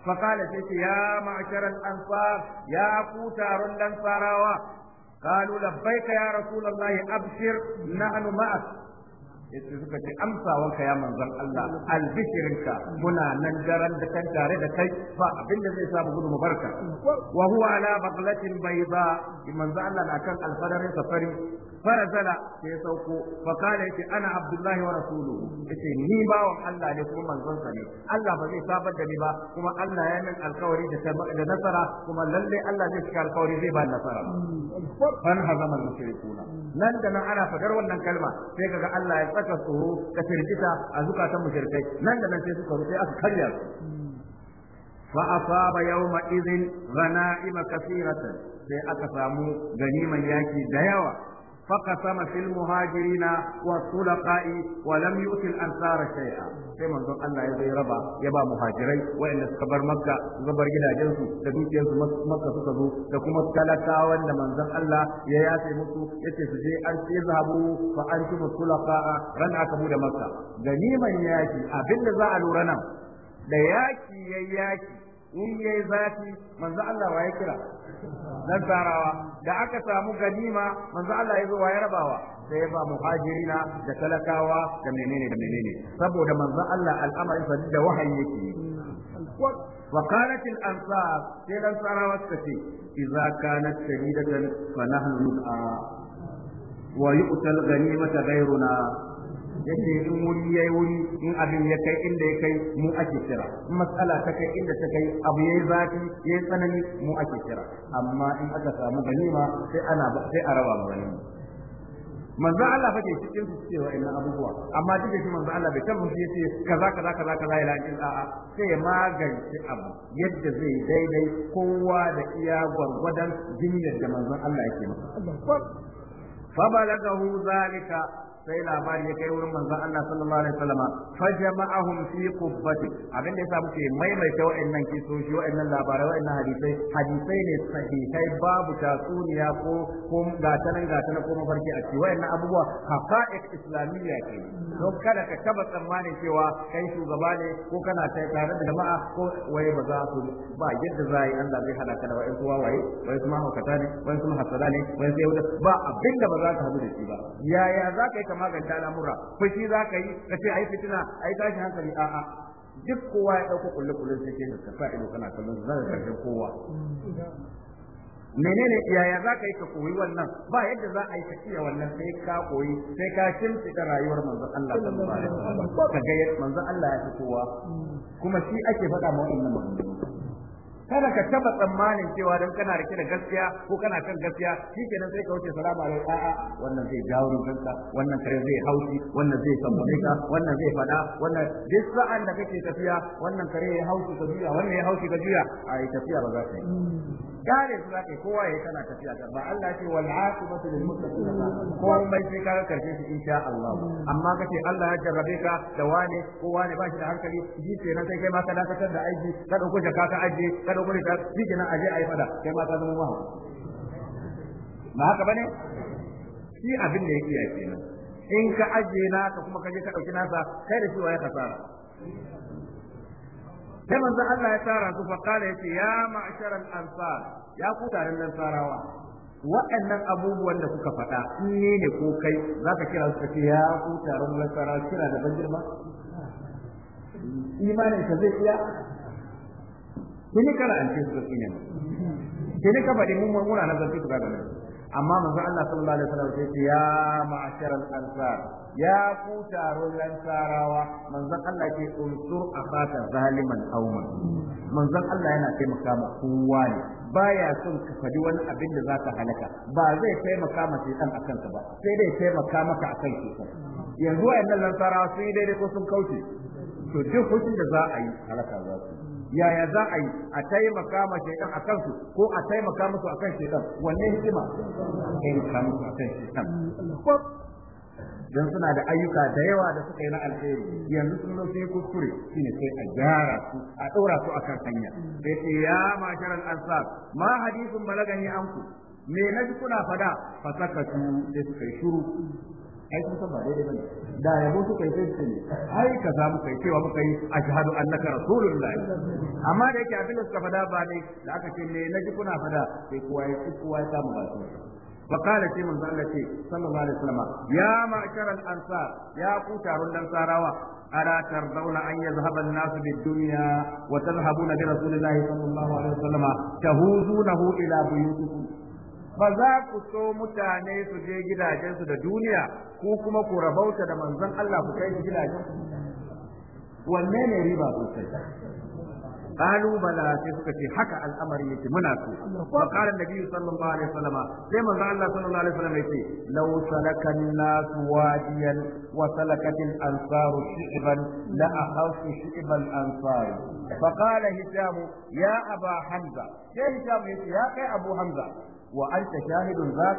فقال يا معشر الأنصار يا كوتار الأنصار قالوا لبيك يا رسول الله أبشر نحن معك sai suka ce amsawanka ya manzon Allah albishirinka muna nan daren da kan tare da kai ba abin da zai sa mu gudu mu barka wa huwa ala baqlatin bayda manzon Allah na kan alfadarin safari farazala sai sauko fa kana yace ana abdullahi wa rasuluhu yace ni bawan Allah ne kuma manzon sa ne Allah ba zai sabar da ni ba kuma Allah ya min alkawari da nasara kuma lalle Allah zai cika alkawari zai ba nasara fan hazama al-mushrikuna nan da nan ana fadar wannan kalma sai kaga Allah ya saka tsoro ka firgita a zukatan mushrikai nan da nan sai suka rufe aka karya su fa asaba yawma idhin ghanaima kathiratan sai aka samu ganiman yaki da yawa فقسم في المهاجرين والصدقاء ولم يؤت الأنصار شيئا sai manzon Allah ya zai raba ya ba muhajirai waɗanda suka bar makka suka bar gidajensu da dukiyarsu makka suka zo da kuma talakawan da manzon Allah ya yafe musu yace su je an sai zahabu fa an tumu sulaqa ran aka bude makka ganiman yaki abinda za a lura nan da yaki yayi yaki in yayi zafi manzon Allah wa ya kira nasarawa da aka samu ganima manzo Allah ya zo wa ya rabawa sai ba muhajirina da talakawa da menene da menene saboda manzo Allah al'amarin sa da wahayi yake وقالت الأنصار سيد الأنصار والسفي إذا كانت شديدة فنحن نسعى ويؤتى الغنيمة غيرنا yake in wuri yayi wuri in abin ya kai inda ya kai mu ake kira in matsala ta kai inda ta kai abu ya yi zafi ya yi tsanani mu ake kira amma in aka samu ganima sai ana sai a raba ganima manzo Allah fa ke cikin su cewa inna abubuwa amma duk da shi manzo Allah bai tabbata ce kaza kaza kaza kaza ila in a'a sai magance abu yadda zai daidai kowa da iya gwargwadon jinyar da manzon Allah yake masa balagahu zalika sai labari ya kai wurin manzon Allah sallallahu alaihi wasallam fa jama'ahum fi qubbati abin da yasa muke maimaita wa'annan kisoshi wa'annan labarai wa'annan hadisai hadisai ne sahihai babu tatsuniya ko ko gatanan ko mafarki a ciki wa'annan abubuwa haqa'iq islamiyya ke kada ka taba tsammanin cewa kai shugaba ne ko kana tare da jama'a ko waye ba za su ba yadda za yi Allah zai halaka da wa'in kowa waye wai kuma haukata ne wai kuma hasada ne wai sai ba abinda ba za ka hadu da shi ba yaya za ka yi ka maganta al'amura fushi za ka yi ka ce ai fitina ai tashi hankali a'a duk kowa ya dauko kulle kulle sai ke ka sa ido kana kallon zaka karshen kowa menene yaya za ka yi ka koyi wannan ba yadda za a yi ka iya wannan sai ka koyi sai ka shimfita rayuwar manzon Allah sallallahu alaihi wasallam ka ga manzon Allah ya fi kowa kuma shi ake faɗa ma wannan maganganu kada ka taba tsammanin cewa don kana rike da gaskiya ko kana kan gaskiya shi shikenan sai ka wuce salama alaikum a'a wannan zai jawo riganka wannan kare zai haushi wannan zai tambaye ka wannan zai fada wannan duk sa'an da kake tafiya wannan kare ya haushi ka juya wannan ya haushi ka juya ai tafiya ba za ta yi kare su zaka kowa yayi kana tafiya da ba Allah ce wal aqibatu lil muttaqin bai sai ka karshe shi insha Allah amma kace Allah ya jarrabe ka da wane ko wane ba shi da hankali ji ce nan sai kai ma ka dakatar da aiki ka dauko jaka ka aje ka dauko ka shi kenan aje ayi fada kai ma ka zama mahu ba haka bane shi abin da yake ya kenan in ka aje ka kuma ka je ka dauki nasa kai da shi waye kasara sai manzon Allah ya tara su fa kala yace ya ma'shar al-ansar ya ku nan sarawa, waɗannan abubuwan da kuka faɗa in ne ne ko kai zaka kira su kace ya ku nan sarawa kira da ban girma imanin ka zai iya kini kana an ce su ne kini ka faɗi mun mun na zanti ka ga da amma manzo Allah sallallahu alaihi wasallam sai ce ya ma'ashar al-ansar ya ku taron lansarawa manzo Allah ke unsur afata zaliman aw manzo Allah yana taimaka ma kowa ne baya son ka faɗi wani abin da zaka halaka ba zai taimaka ma sai dan akan ka ba sai dai taimaka maka akan shi yanzu wayannan lansarawa sun yi daidai ko sun kauce to duk hukuncin da za a yi halaka ba yaya za a yi a taimaka ma shaitan a kansu ko a taimaka musu a kan shaitan wanne hikima in musu su kan shaitan Don suna da ayyuka da yawa da suka yi na alheri yanzu sun zo sai kuskure shine sai a gyara su a ɗora su akan hanya sai ce ya masharar ansar ma hadisin balagani anku me na ji kuna fada fasakatu sai suka yi shuru ai sun ba daidai bane da yabo suka yi sai ne ai ka za mu kai cewa muka yi ashhadu annaka rasulullahi amma da yake abin da suka fada ba ne da aka ce ne naji kuna fada sai kowa ya kowa ya samu ba فقال شيء من ذلك صلى الله عليه وسلم يا معشر الأنصار يا قوتار الأنصار ألا ترضون أن يذهب الناس بالدنيا وتذهبون برسول الله صلى الله عليه وسلم تهوزونه إلى بيوتكم ba za ku so mutane su je gidajensu da duniya ko kuma ku rabauta da manzon Allah ku kai gidajen wanne ne riba sosai قالوا بلى سيفكتي حكى الامر يتي مناسو وقال النبي صلى الله عليه وسلم كما قال الله صلى الله عليه وسلم يتي لو سلك الناس واديا وسلكت الانصار شعبا لاخذت شعب الانصار فقال هشام يا ابا حمزه يا هشام يا ابو حمزه wa anta shahidun zak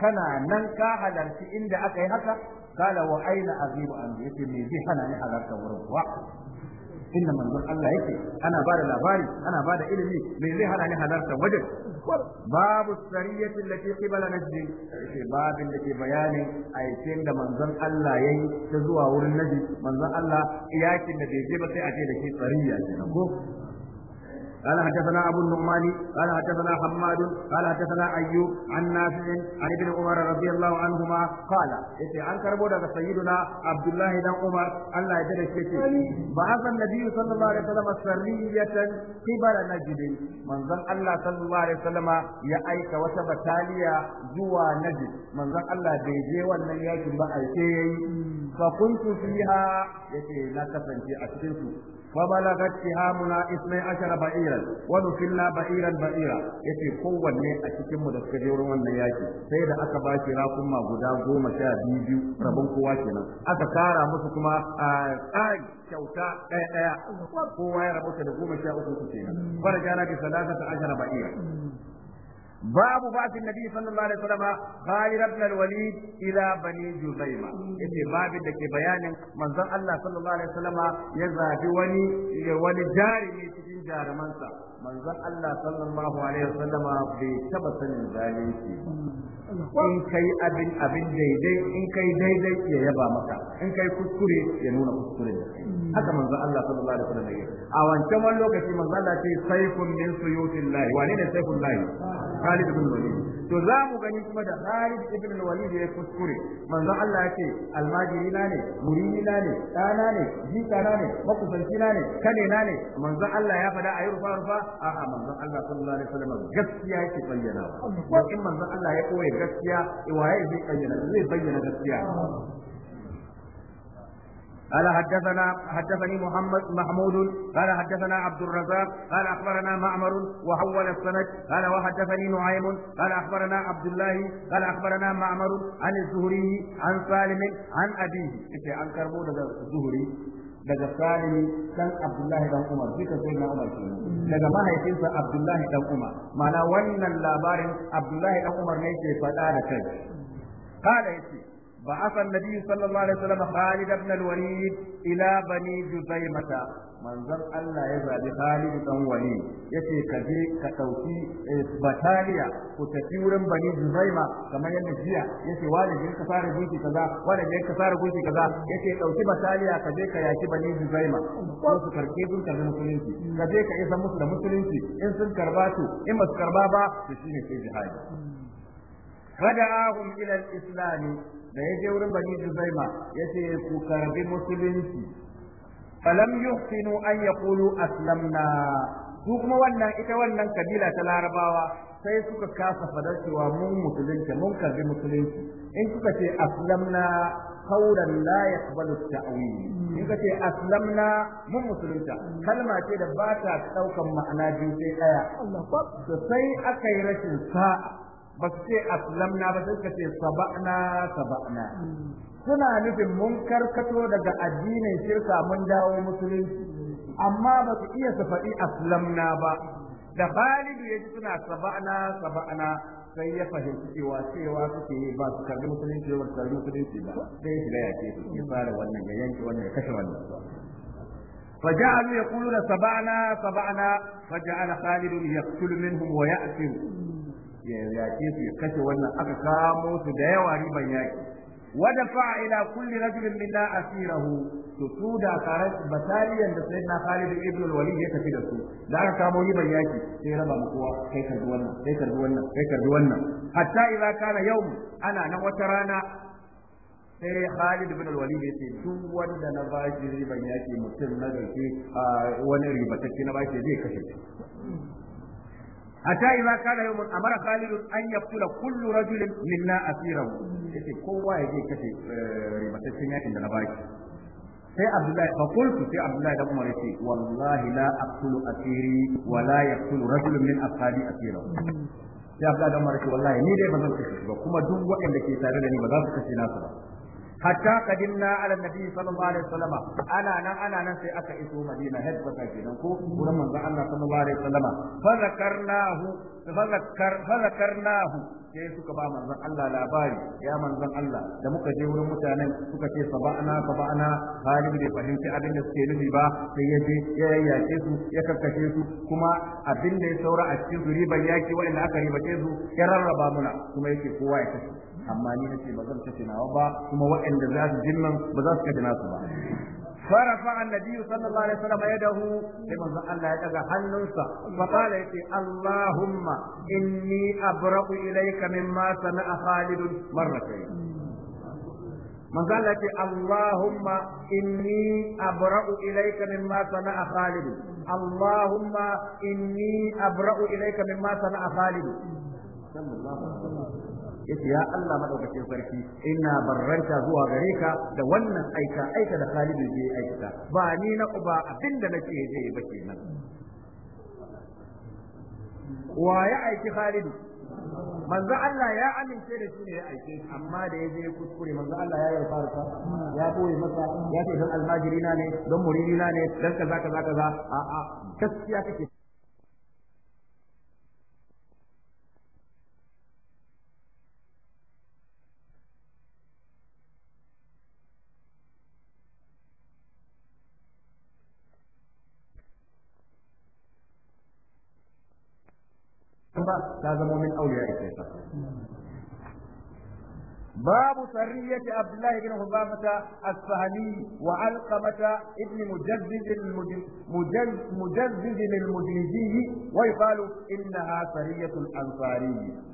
kana nan ka halarci inda aka yi haka kala wa aina azibu an yace me zai hana ni halarta wurin wa inda manzon Allah yake ana ba da labari ana ba da ilimi me zai hana ni halarta wajen babu sariyatin da ke kibala najdi yake babin da ke bayanin aikin da manzon Allah yayi ta zuwa wurin najdi manzon Allah iyakin da bai je ba sai a je da ke sariya kenan ko قال حدثنا أبو النعمان قال حدثنا حماد قال حدثنا أيوب عن نافع عن ابن عمر رضي الله عنهما قال إذا عن كربودا سيدنا عبد الله بن عمر الله يدري شيء بعث النبي صلى الله عليه وسلم سرية قبل نجد من ظن الله صلى الله عليه وسلم يا أيك وتبتاليا جوا نجد من ظن الله بيجي والنياك بأيكي فكنت فيها يتي لا تفنجي أشتركوا فبلغت سهامنا اثني عشر بعيرا ونفلنا بعيرا بعيرا yace kowanne a cikin mu da suka je wurin wannan yaki sai da aka ba shi rakuma guda goma sha biyu rabon kowa kenan aka kara musu kuma a tsari kyauta ɗaya ɗaya kowa ya rabota da goma sha uku kenan fara jana bi salatata ashara ba'ira babu ba'athin nabi sallallahu alaihi wasallam Khalid ibn al-Walid ila bani Juzaima yace babin da ke bayanin manzon Allah sallallahu alaihi wasallam ya zabi wani wani jarumi cikin jarumansa manzon Allah sallallahu alaihi wasallam bai taba sanin zalunci in kai abin abin daidai in kai daidai ya yaba maka in kai kuskure ya nuna kuskure haka manzo Allah sallallahu alaihi wasallam yake a wancan wani lokaci manzo Allah ce sayfun min suyutillah wani ne sayfun lahi Khalid ibn Walid to za mu gani kuma da Khalid ibn Walid ya kuskure manzo Allah yake almajiri na ne muridi na ne dana ne jika na ne makusanci na ne kane na ne manzo Allah ya fada ayi rufa rufa a'a manzo Allah sallallahu alaihi wasallam gaskiya yake bayyana ko in manzo Allah ya koyi gaskiya waye zai bayyana zai bayyana gaskiya قال حدثنا حدثني محمد محمود قال حدثنا عبد الرزاق قال اخبرنا معمر وحول السند قال وحدثني نعيم قال اخبرنا عبد الله قال اخبرنا معمر عن الزهري عن سالم عن ابيه إيه عن كربو الزهري daga salim dan abdullahi dan umar duka sai na umar kenan daga mahaifinsa abdullahi dan umar mana wannan labarin abdullahi dan umar ne ke faɗa da kai kada yace بعث النبي صلى الله عليه وسلم خالد بن الوليد إلى بني جزيمة manzon Allah ya zabi Khalid dan Wali yace ka je ka dauki bataliya ku tafi wurin Bani Zubaima kamar yadda jiya yace wani je ka fara gunki kaza wani je ka fara gunki kaza yace dauki bataliya ka je ka yaki Bani Zubaima ko su karke sun karbi musulunci ka je ka isa musu da musulunci in sun karba su in ba su karba ba to shine sai jihadi rada'ahum ila al-islam da ya je wurin bani Juzaima ya ce ku karbi musulunci falam yuhsinu an yaqulu aslamna su kuma wannan ita wannan kabila ta larabawa sai suka kasa fadar cewa mun musulunci mun karbi musulunci in suka ce aslamna qawlan la yaqbalu at-ta'wil in suka ce aslamna mun musulunta kalma ce da ba ta daukan ma'ana biyu sai daya to sai aka yi rashin sa'a ba su ce aslamna ba sai suka ce saba'na saba'na suna nufin mun karkato daga addinin shirka mun dawo musulunci amma ba su iya su faɗi aslamna ba da Khalidu ya ji suna saba'na saba'na sai ya fahimci cewa cewa suke yi ba su karbi musulunci ba su karbi musulunci ba sai ya shiga yake su yi fara wannan ya yanke wannan ya kashe wannan فجعلوا يقولون سبعنا سبعنا فجعل خالد يقتل منهم ويأسر ya yake su ya kashe wannan aka kamo su da yawa riban yaki wada fa'a ila kulli rajulin minna asirahu to su da karar bataliyan da sayyidina Khalid ibn al-Walid ya tafi da su da aka kamo riban yaki sai raba mu kowa kai karbi wannan kai karbi wannan kai karbi wannan hatta idza kana yawm ana nan wata rana sai Khalid ibn al-Walid ce duk wanda na bashi riban yake mutum na gaske wani ribatacce na bashi zai kashe hatta idza kana yawmun amara khalid an yaqtula kullu rajulin minna asirahu yace kowa yaje kace eh, ribataccen yakin da na baki sai abdullahi fa qultu sai abdullahi da umar yace wallahi la aqtulu asiri wa la yaqtulu rajulun min ashabi asirahu sai abdullahi da umar wallahi ni dai ba zan ba kuma duk waɗanda ke tare da ni ba za su kashe nasu ba hatta kadinna ala nabi sallallahu alaihi wasallam ana nan ana nan sai aka iso madina hadbata kenan ko wurin manzon Allah sallallahu alaihi wasallam fa zakarnahu fa sai suka ba manzon Allah labari ya manzon Allah da muka je wurin mutanen suka ce sabana sabana halibi bai fahimci abin da suke nufi ba sai ya je ya yayyake su ya karkashe su kuma abin da ya saura a cikin riban yaki wanda aka ribace su ya rarraba muna kuma yake kowa ya kashe amma ni nace ba zan kace nawa ba kuma waɗanda za su jinnan ba za su kace nasu ba فرفع النبي صلى الله عليه وسلم يده لمن الله يدعى حنوسا فقال اللهم إني أبرأ إليك مما صنع خالد مرتين من قال اللهم إني أبرأ إليك مما صنع خالد اللهم إني أبرأ إليك مما صنع خالد صلى الله عليه وسلم yace ya Allah madaukakin sarki ina barranta zuwa gare ka da wannan aika aika da Khalid je aikata ba ni na uba abinda nake je ba kenan wa ya aiki Khalid manzo Allah ya amince da shi ne ya aike amma da ya je kuskure manzo Allah ya yi farka ya koyi masa ya ce dan almajirina ne don muridina ne dan kaza kaza kaza a'a gaskiya kake ba ta zama min auliya ta babu sarriyati abdullahi ibn hubamata as-sahani wa alqamata ibn mujaddid al-mujaddid al-mujaddid wa yuqalu innaha sarriyatul ansari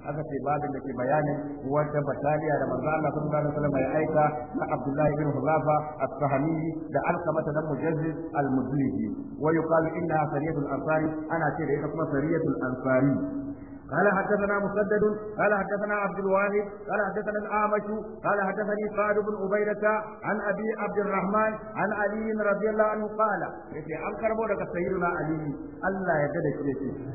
haka sai babin da ke bayani wata bataliya da manzo Allah sallallahu alaihi wasallam ya aika na abdullahi ibn hubaba as-sahani da alqamata da mujaddid al-mujaddid wa yuqalu innaha sarriyatul ansari ana ce da ita kuma sarriyatul ansari قال حدثنا مسدد قال حدثنا عبد الواحد قال حدثنا الأعمش قال حدثني سعد بن عبيدة عن أبي عبد الرحمن عن علي رضي الله عنه قال يتي عن كربونك سيدنا علي الله يجدك يتي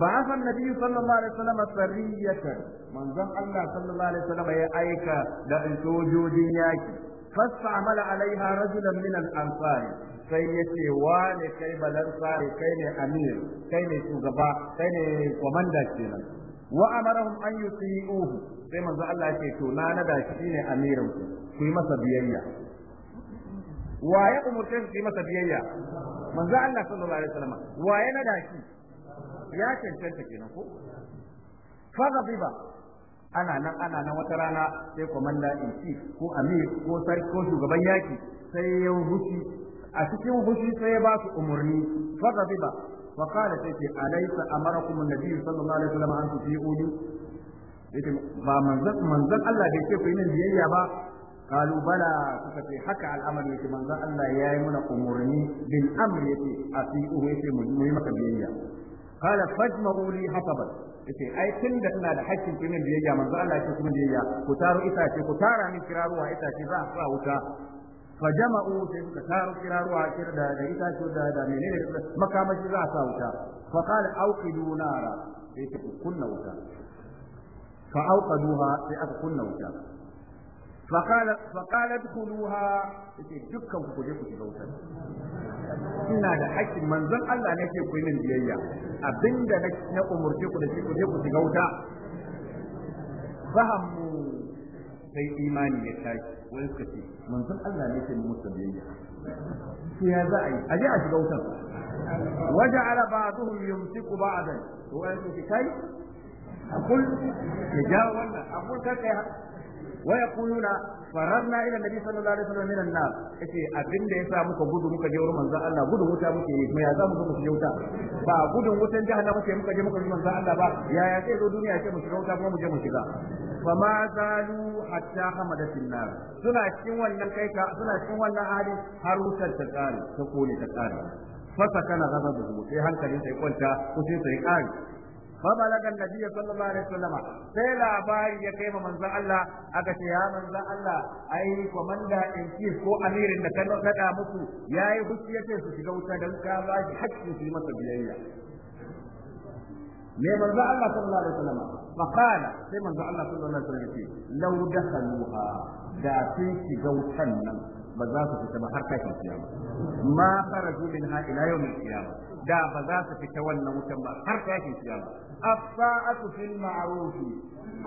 بعث النبي صلى الله عليه وسلم سرية من ذم الله صلى الله عليه وسلم يأيك لأن توجود ياكي فاستعمل عليها رجلا من الأنصار sai ya ce wane kai balansa kai ne amir kai ne shugaba kai ne komanda kenan wa amarahum an yusiuhu sai manzo Allah ya ce to na nada shi ne amirin ku ku yi masa biyayya wa ya umurce su yi masa biyayya manzo Allah sallallahu alaihi wasallam wa ya nada shi ya cancanta kenan ko fa biba. ana nan ana nan wata rana sai komanda in ci ko amir ko sarki ko shugaban yaki sai ya huci a cikin fushi sai ba su umarni fa ghadiba fa qala sayyi alaysa amarakum an-nabi sallallahu alaihi wasallam an tufi'uni yake ba manzan manzon Allah bai ce ku yi biyayya ba suka ce قالوا بلى manzan Allah ya yi يتي umarni, ذا الله ياي من امرني بالامر يتي mu yi maka biyayya. قال فاجمعوا لي حسبا yace ai tun da tana da hakkin ku min biyayya manzo Allah ya kuma biyayya ku taro itace ku tara min kiraruwa itace za a sa wuta fa jama'u sai suka taro kiraruwa kira da da ita ce da da menene makamashi za a sa wuta fa qala auqidu nara sai ta kunna wuta fa auqaduha sai aka kunna wuta fa qala fa qala dkhuluha sai dukkan ku je ku shiga wutar ina da haƙƙin manzon Allah ne ke ku min biyayya abinda na umurce ku da shi ku je ku shiga wuta fahammu sai imani ya tashi wani suka ce manzon Allah ne ke musu biyayya to ya za a yi aje a shiga wutar ala ba'dhum yumsiku ba'dan to wai su kai akul ya ja wannan akul ka kai wa فررنا الى النبي صلى الله عليه وسلم minan النار yace abin da yasa muka gudu muka je wurin manzon Allah gudu wuta muke yi me ya za mu muke wuta ba gudun wutan jahannama muke muka je muka ji manzon Allah ba ya ya sai zo duniya ce mu shiga wuta kuma mu je mu shiga fama zalu hatta hamadatin nar suna cikin wannan kai ka suna cikin wannan hali har wutar ta kare ta kone ta kare fasa kana ghadabuhu sai hankalin sai kwanta ko sai sai kare فبلغ النبي صلى الله عليه وسلم sai labari ya kai manzon Allah aka ce ya manzon Allah ai komanda in chief ko amirin da kan nada muku yayi hukunci yace su shiga wuta dan ka ba shi hakkin su masa biyayya me manzo Allah sallallahu alaihi wasallam fa kana sai manzo Allah sallallahu alaihi wasallam ce. law dakhaluha da sun shiga wutan nan ba za su fita ba har kafin kiyama ma kharaju minha ila yawmil kiyama da ba za su fita wannan wutan ba har kafin kiyama as-sa'atu fil ma'ruf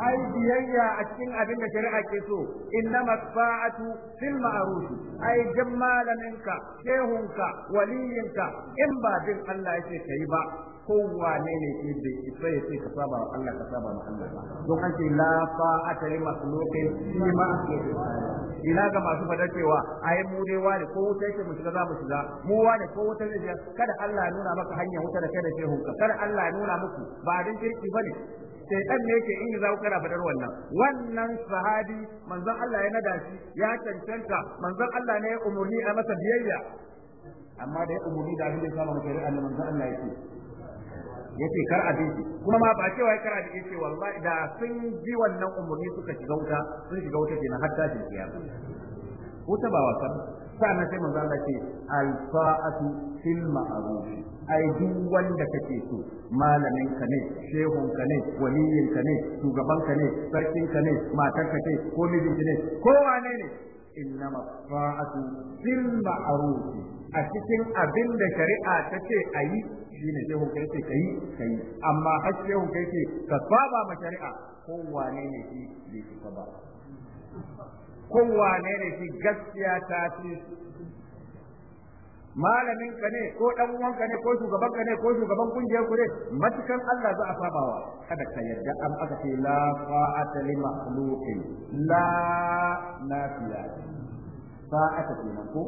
ai biyayya a cikin abin da shari'a ke so innama sa'atu fil ma'ruf ai jamalaninka shehunka waliyinka in ba din Allah yake kai ba kowane ne ke da isa ya ce ka saba wa Allah ka saba ma Allah don an ce la fa'ata li makhluqin fi ma'siyati ina ga masu fada cewa ai mu dai wani ko wuta yake mu shiga za mu shiga mu wani ko wuta ne kada Allah ya nuna maka hanyar wuta da kai da shehu ka kada Allah ya nuna muku ba din kirki bane sai dan ne yake in za ku kana fadar wannan wannan sahabi manzon Allah ya nada shi ya cancanta manzon Allah ne ya umurni a masa biyayya amma da ya umurni da abin da ya saba maka ri'a manzon Allah yake yace kar a dinki kuma ma ba cewa kar a dinki yace wallahi da sun ji wannan umurni suka shiga wuta sun shiga wuta kenan har tashin kiyama wuta ba wasa sannan sai manzo Allah ce alfa'atu fil ma'ruf ai duk wanda kake so malamin ka ne shehun ka ne waliyin ka ne shugaban ka ne sarkin ka ne matar ka ce ko mijin ka ne ko wane ne innama fa'atu fil ma'ruf a cikin abin da shari'a ta ce ayi shine shehun kai ce kai kai amma har shehun kai ce ka saba ma shari'a kowane ne shi bai saba ba kowane ne shi gaskiya ta fi malamin ka ne ko dan uwanka ne ko shugaban ka ne ko shugaban kungiyar ku ne matukan Allah za a wa kada ka yarda an aka ce la fa'ata li makhluqin la nafiya fa'ata kenan ko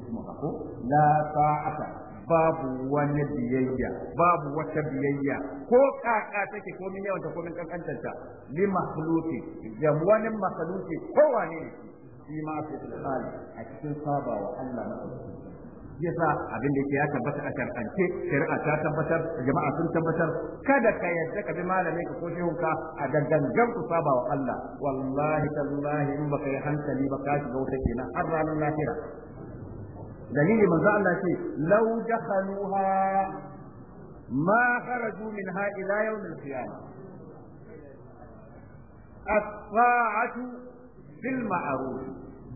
ismu ko la fa'ata babu wani biyayya babu wata biyayya ko kaka take ko min yawan ta ko min kankantanta li makhluqi wani ko ne shi ma fi hal a cikin sabawa Allah madaukakin yasa abin da yake ya tabbata a shar'ance shari'a ta tabbatar jama'a sun tabbatar kada ka yadda ka bi malamin ka ko shehunka a dangangan ku saba wa Allah wallahi tallahi in baka yi hankali ba ka shiga wata kenan har ranar lahira dalili manzo Allah ce Lauja dakhaluha ma kharaju minha ila yawm al-qiyamah as-sa'atu bil ma'ruf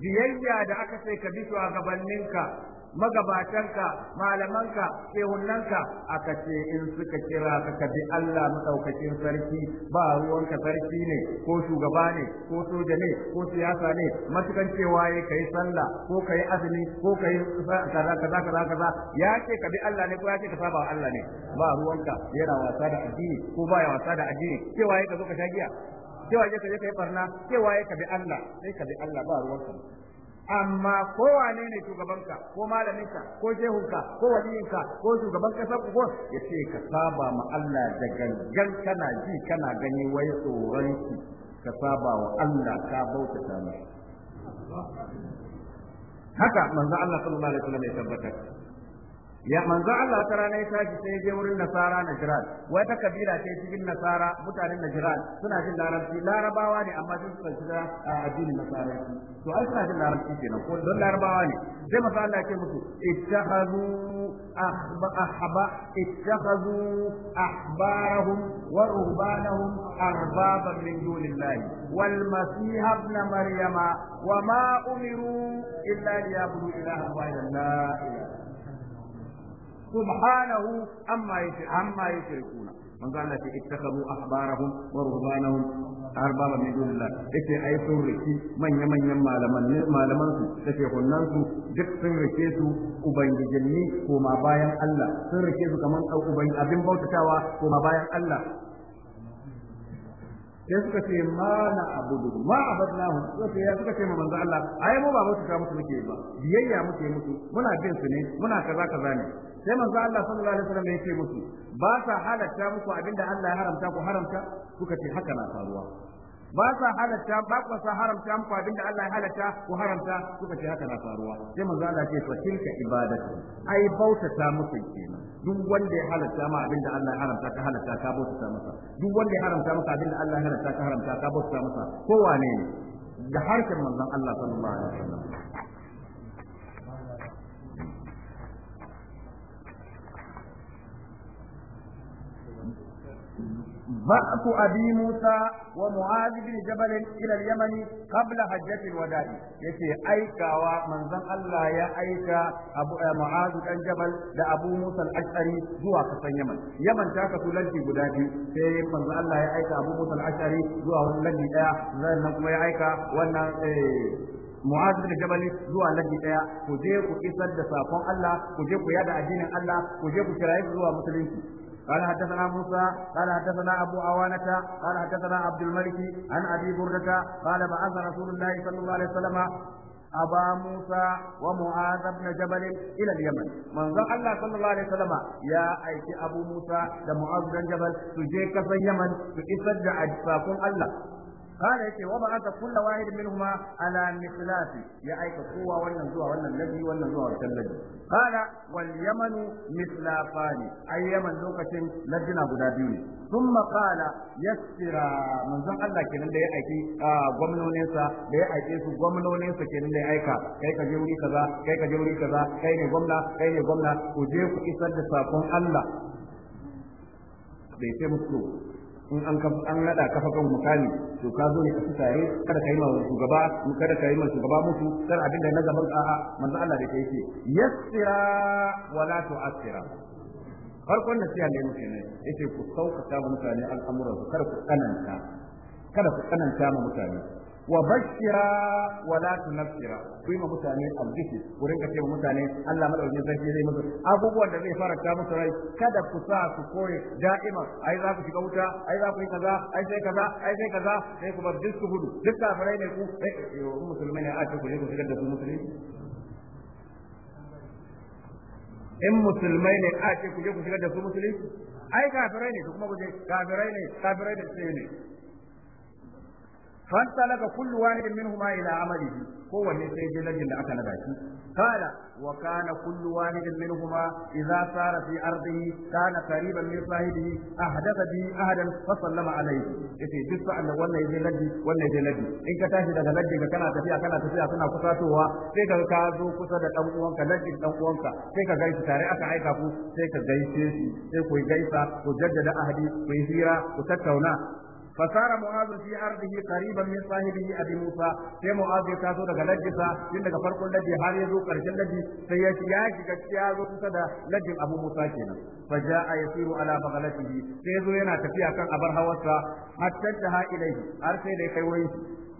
biyayya da aka sai ka bi shugabanninka magabatanka malamanka shehunanka aka ce in suka kira ka ka bi Allah madaukakin sarki ba ruwanka sarki ne ko shugaba ne ko soja ne ko siyasa ne matukan cewa yayi kai sallah ko kai azumi ko kai kaza kaza kaza kaza ya ce ka bi Allah ne ko ya ce ka saba Allah ne ba ruwanka yana wasa da addini ko ba ya wasa da addini cewa ya ka zo ka shagiya cewa ya ka je ka yi barna cewa yayi ka bi Allah sai ka bi Allah ba ruwanka amma ko wane ne shugabanka ko malaminka ko jehunka ko waliyinka ko shugaban kasar ko ya ce ka saba ma Allah da gangan kana ji kana gani wai tsoron shi ka saba wa Allah ka bauta ta masa haka manzo Allah sallallahu alaihi wasallam ya tabbatar ya manzo Allah ta rana ya tashi sai je wurin nasara na jiran wata kabila ce cikin nasara mutanen na jiran suna jin larabci larabawa ne amma sun suka shiga a addinin nasara to ai suna jin larabci kenan ko don larabawa ne sai manzo Allah ya ce musu ittakhadhu ahba ittakhadhu ahbarahum wa ruhbanahum arbaban min dunillahi wal masih ibn maryama wa ma umiru illa liya'budu ilaha wahidan la ilaha subhanahu amma yafi amma yushrikuna manzo Allah ce ittakhadhu ahbarahum wa ruhbanahum arbaba min dunillah yake ai sun riki manya manyan malaman da shehunan su duk sun بايا الله ko ma bayan Allah sun rike وما بايا ubangi abin bautatawa ko ma bayan sai suka ce ma na abudu ma abadnahu sai ya suka ce ma manzo Allah ai mu ba bautata musu muke ba biyayya muke mutu. muna bin su ne muna kaza kaza ne sai manzo Allah sallallahu alaihi wasallam ya ce musu ba sa halatta muku abinda Allah ya haramta ku haramta kuka ce haka na faruwa ba sa halatta ba ku sa haramta muku abinda Allah ya halatta ku haramta kuka ce haka na faruwa sai manzo Allah ya ce fa tilka ibadatu ai bautata musu kenan duk wanda ya halatta ma abinda Allah ya haramta ka halatta ka bauta ta masa duk wanda ya haramta maka abinda Allah ya haramta ka haramta ka bauta ta masa kowane ne da harkar manzon Allah sallallahu alaihi wasallam بعث أبي موسى ومعاذ بن جبل إلى اليمن قبل حجة الوداع يتي أيكا ومن ذن الله يا أيكا أبو معاذ بن جبل لأبو موسى الأشعري زوا كسن يمن يمن تاكا تلنتي بداجي في من ذن الله يا أيكا أبو موسى الأشعري زوا لنجي دا ذن ما يا أيكا وانا Mu'az bin Jabal zuwa ladi daya ku je ku isar da sakon Allah ku je ku yada addinin Allah ku je ku kiraye zuwa musulunci قال حدثنا موسى قال حدثنا ابو عوانه قال حدثنا عبد الملك عن ابي بردة قال بعث رسول الله صلى الله عليه وسلم أبا موسى ومعاذ بن جبل إلى اليمن من ذا الله صلى الله عليه وسلم يا أيك أبو موسى ومعاذ بن جبل تجيك في اليمن تكسد أجساكم الله kada yake wa ba'ata kulla wahid minhuma ala mithlati ya aika kowa wannan zuwa wannan ladi wannan zuwa wannan ladi kada wal yaman mithlafani ay yaman lokacin ladina guda biyu ne thumma qala mun zan Allah kenan da ya aiki gwamnonin sa da ya aiki su gwamnonin sa kenan da ya aika kai ka je wuri kaza kai ka je wuri kaza kai ne gwamna kai ne gwamna ku je ku isar da sakon Allah bai sai musu in an an nada kafa kan mutane to ka zo ne ka ci tare eh, kada ka yi ma shugaba kada ka yi ma shugaba mutu kar abin da na gaban a'a manzo Allah da yake yassira wala tu'assira farkon nasiha ne muke ne yake ku sauka ta mutane al'amuran su kada ku tsananta kada ku tsananta ma mutane wa bashira wa la tunfira kuyi ma mutane albiki wurin ka ce ma mutane Allah madaukakin sarki zai musu abubuwan da zai faranta musu rai kada ku sa ku koyi da'ima ai za ku shiga wuta ai za ku yi kaza ai sai kaza ai sai kaza sai ku bar duk su hudu duk kafirai ne ku sai eh, musulmai ne a ce ku je da su musulmi in musulmai ne a ce ku je ku shigar da su musulmi ai kafirai ne to kuma ku je kafirai ne kafirai da su ne فانطلق كل واحد منهما إلى عمله هو sai جلد da aka nada shi قال وكان كل واحد منهما إذا سار في أرضه كان قريبا من صاحبه أحدث به أحدا فسلم عليه yace duk sa'an da wannan yaje ladi wannan ladi in ka tashi daga ladi ka kana tafiya kana tafiya kana kusatowa sai ka ka zo kusa da dan uwanka ladi dan uwanka sai ka gaishe tare aka aika ku sai ka gaishe shi sai ku gaisa ku jaddada ahadi ku hira ku tattauna فصار معاذ في أرضه قريبا من صاحبه أبي موسى في معاذ يتاسو daga lajisa tun daga farkon laji har ya zo karshen laji sai ya ya shiga ya zo kusa da lajin Abu Musa kenan fa jaa yasiru ala baghlatihi sai yazo yana tafiya kan abar hawarsa hatta taha ilaihi har sai da kai wurin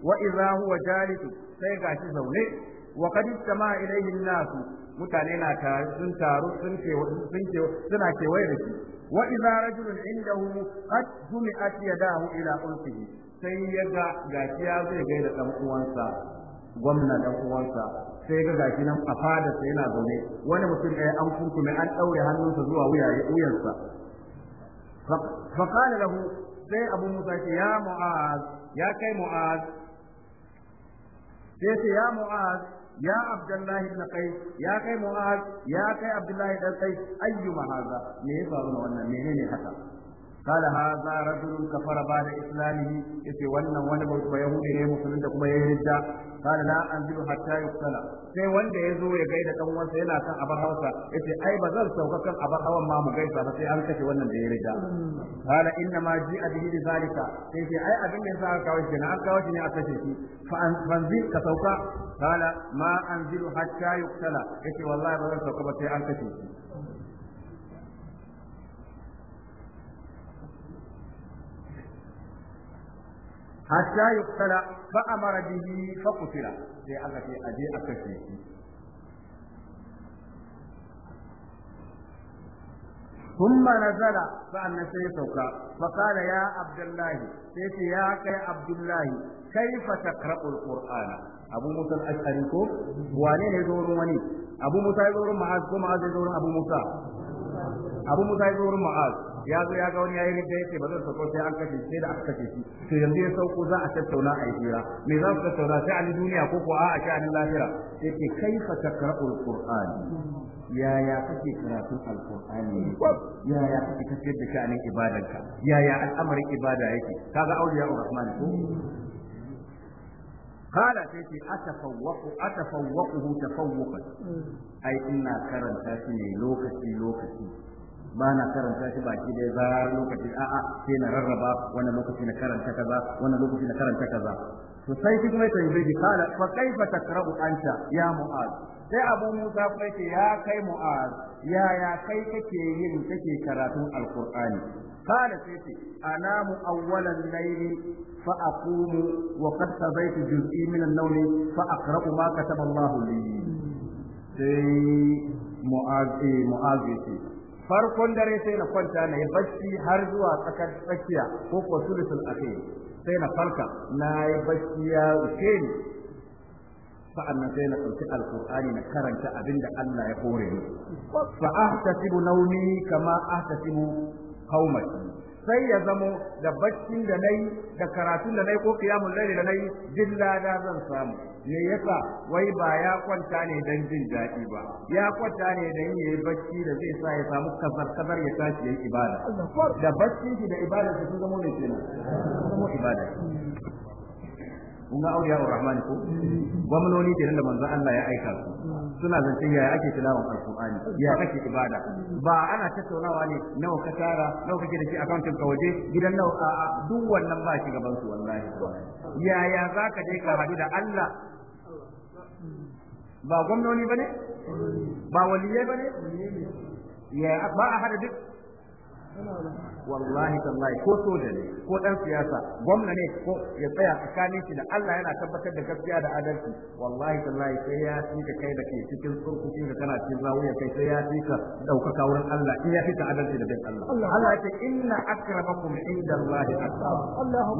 wa idza huwa jalisu sai ga gashi zaune wa qad istama ilaihi nasu mutane na tare sun taru sun ke sun ke suna kewaye da shi wa idza rajulun indahu qad jumi'at yadahu ila ulfihi sai ya ga gashi ya zai gaida dan uwansa gwamna dan uwansa sai ga gashi nan a sai yana zaune wani mutum ɗaya eh, an kurkume an ɗaure hannunsa zuwa wuyansa فقال له sai abu musa ya mu'az ya kai mu'az sai ya mu'az يا عبد الله بن قيس يا كي معاذ يا كي عبد الله بن قيس أيما هذا ليه ميفا وانا منين حتى قال هذا رجل كفر بعد إسلامه يتي وانا وانا بوت يهودي هي مسلم كما يرجع قال لا أنزل حتى يقتل sai wanda ya zo ya gaida dan yana kan abar hausa yace ai ba zan sauka kan abar hawan ma mu gaisa ba sai an kashe wannan da ya rida qala inna ma ji'a bihi li zalika sai ce ai abin da yasa aka kawo na aka kawo ne a ka sauka ma yace wallahi ba zan sauka ba sai an حتى يقتل فأمر به فقتل fa qutila sai aka ثم نزل فأن سيسوك فقال يا عبد الله سيتي يا كي عبد الله كيف تقرأ القرآن أبو موسى الأشعري وانين يزورون وني أبو موسى يزورون معاذ معاذ يزورون أبو موسى abu musa ya zo wurin ma'az ya zo ya ga wani yayi ridda yace ba zan sauko sai an kace sai da aka kace shi to yanzu ya sauko za a tattauna a hira me za su tattauna sai an duniya ko ko a sha'anin lahira yace kaifa takra'ul qur'an yaya kake karatun alqur'ani yaya kake tafiyar da sha'anin ibadanka yaya al'amarin ibada yake kaga auliya a ko قال سيتي أتفوق أتفوقه تفوقا أي إنا كرم ne lokaci-lokaci. ba na karanta shi baki da za lokaci a'a sai na rarraba wannan lokaci na karanta kaza wannan lokaci na karanta kaza to sai shi kuma sai bai kala fa kaifa takra'u anta ya mu'az sai abu musa kuma yace ya kai mu'az ya ya kai kake yin kake karatun alqur'ani kala sai ce anamu awwalan layli fa aqumu wa qad qadaytu juz'i min an-nawm fa aqra'u ma kataba Allah li sai mu'az eh, mu'az yace farkon dare sai na kwanta na yi bacci har zuwa tsakar tsakiya ko ko sulusul akhir sai na farka na yi bacci ya wuce ni sa'annan sai na ɗauki alkur'ani na karanta abinda Allah ya hore ni fa ahtasibu nawmi kama ahtasibu qaumati sai ya zamo da baccin da nayi da karatun da nayi ko qiyamul layli da nayi dilla da zan samu me yasa wai ba ya kwanta ne dan jin daɗi ba ya kwanta ne dan yayi bacci da zai sa ya samu kazar kasar ya tashi yayi ibada da bacci shi da ibada sun zama ne kenan sun zama ibada kun ga auliya rahman ko gwamnoni kenan da manzon Allah ya aika su suna zance yaya ake tilawan alqur'ani ya kake ibada ba ana tattaunawa ne nawa ka tara nawa kake da shi akauntin ka waje gidan nawa a duk wannan ba shi gaban su wallahi yaya zaka je ka hadu da Allah ba gwamnoni bane ba waliyai bane ya ba a hada duk wallahi tallahi ko soja ne ko dan siyasa gwamna ne ko ya tsaya tsakanin shi da Allah yana tabbatar da gaskiya da adalci wallahi tallahi sai ya ka kai da ke cikin tsurkucin da kana cikin zawiya kai sai ya ka daukaka wurin Allah in ya fita adalci da bin Allah Allah ya inna akramakum indallahi atqakum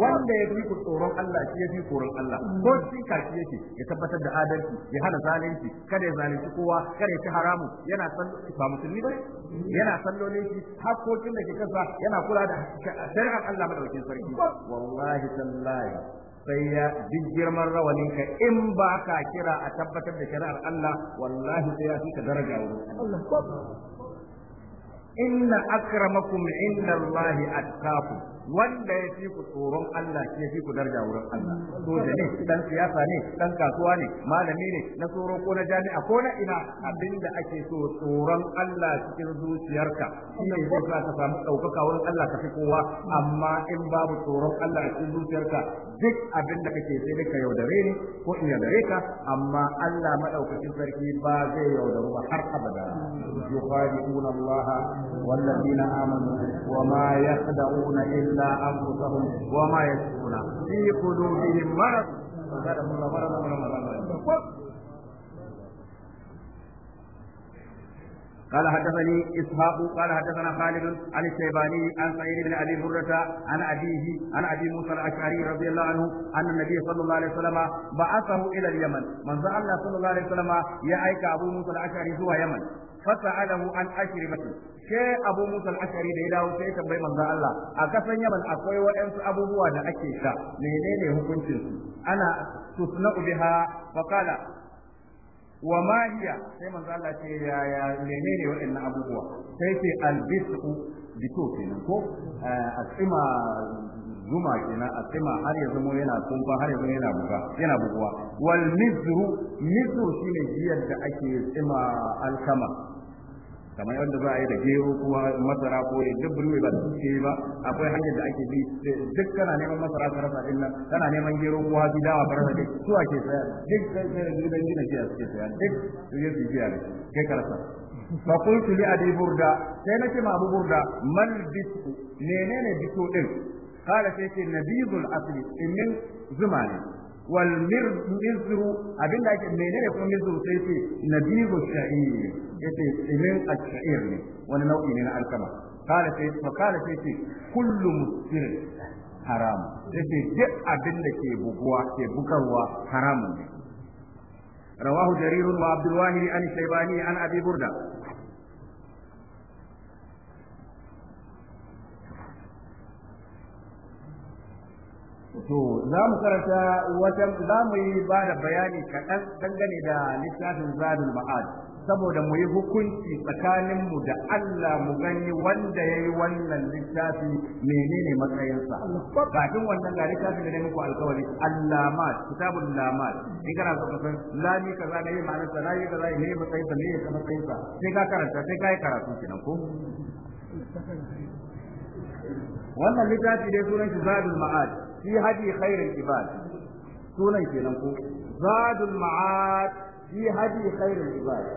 wanda ya fi ku tsoron Allah shi ya fi tsoron Allah ko mm. ka shi yake ya tabbatar da adalci ya hana zalunci kada ya zalunci kowa kada ya ci haramu yana san ba musulmi ba yana sallolin shi hakokin da ke kasa yana kula da shari'ar Allah madaukakin sarki wallahi tallahi sai ya duk girman rawanin ka in ba ka kira a tabbatar da shari'ar Allah wallahi sai ya fika daraja wurin inna akramakum inda Allah atqakum wanda ya fi ku tsoron Allah shi ya fi ku daraja wurin Allah soja ne dan siyasa ne dan kasuwa ne malami ne na tsoro ko na jami'a ko na ina abinda ake so tsoron Allah cikin zuciyarka shi ne zai sa ka samu ɗaukaka wurin Allah ka fi kowa amma in babu tsoron Allah a cikin zuciyarka duk abinda kake sai dai ka yaudare ni ko in yaudare ka amma Allah madaukakin sarki ba zai yaudaru ba har abada yukhadi'una Allah wallazina amanu wa ma yakhda'una illa إلا أنفسهم وما يشكون في قلوبهم مرض فزادهم الله مرضا مرضا قال حدثني اسحاق قال حدثنا خالد عن الشيباني عن سعيد بن ابي هرة عن ابيه عن ابي موسى الاشعري رضي الله عنه ان النبي صلى الله عليه وسلم بعثه الى اليمن من الله صلى الله عليه وسلم يا ايك ابو موسى الاشعري هو يمن alahu an ashribati ke abu musa al-ashari da ya dawo sai ya tambayi manzo Allah a kasan yaman akwai waɗansu abubuwa da ake sha menene hukuncin su ana tusna biha fa qala wa ma hiya sai manzo Allah ce ya ya menene waɗannan abubuwa sai ce al-bisqu bito kenan ko eh, a tsima zuma kenan a tsima har yanzu zama yana tsumfa har yanzu zama yana buga yana buguwa wal mizru mizru shine giyar da ake tsima alkama kamar yanda za a yi da gero kuma masara ko ya duk bulwe ba ke ba akwai hanyar da ake bi duk kana neman masara ka rasa din nan kana neman gero ko hafi dawa ka rasa din su ake saya duk sai da gidan gina giya suke saya duk su yi su giya kai ka rasa fa qultu li adi burda sai nace ma abu burda mal bitu menene bitu din قال سيتي نبيذ الأصل من زماني والمرزر أبين لك منين يكون مرزر سيتي نبيذ الشعير يتي من الشعير ونوع من الكما قال سيتي فقال سيتي كل مسر حرام يتي جئ أبين لك بقوة بقوة حرام ne رواه جرير وعبد الواهي عن الشيباني عن ابي برده to za mu karanta wata za mu yi ba da bayani kaɗan dangane da littafin zadul ma'ad saboda mu yi hukunci tsakaninmu da Allah mu gani wanda ya yi wannan littafi menene matsayinsa kafin wannan ga littafin da ne muku alkawari allamat kitabun lamat in kana so ka san lami kaza ne ma'anar sa lami kaza ne matsayin matsayinsa, ne ya matsayinsa sai ka karanta sai ka yi karatu kenan ko wannan littafi dai sunan shi zadul ma'ad fi hadi khairul ibad sunan kenan ko zadul ma'ad fi hadi khairul ibad ya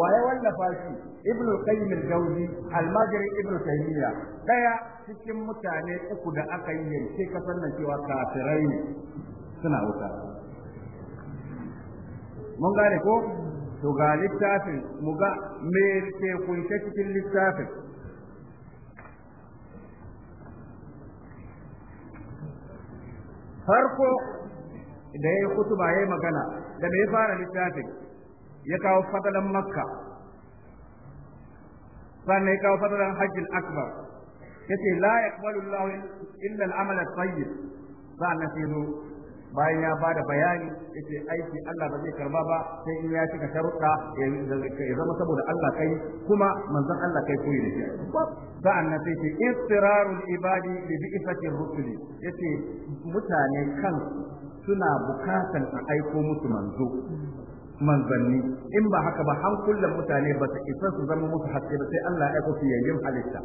wallafa shi ibnu qayyim al-jawzi al-majri ibnu taymiya daya cikin mutane uku da aka yi yanke ka nan cewa kafirai suna wuta mun gane ko to ga littafin mu ga me ke kunshe cikin littafin farko da ya yi kutuba ya yi magana da mai fara littafin ya kawo fadalan makka sannan ya kawo fadalan hajjin akbar ya ce la yaqbalu Allahu illa al-amala tayyib sannan sai zo bayan ya bada bayani yace aiki Allah ba zai karba ba sai in ya cika sharuɗa ya zama saboda Allah kai kuma manzon Allah kai koyi da shi sa'an nan sai ce istirarul ibadi bi bi'fatir rusuli yace mutane kan suna bukatan a aiko musu manzo manzanni in ba haka ba hankulan mutane ba su isa su zama musu haske ba sai Allah ya kusa yayin halitta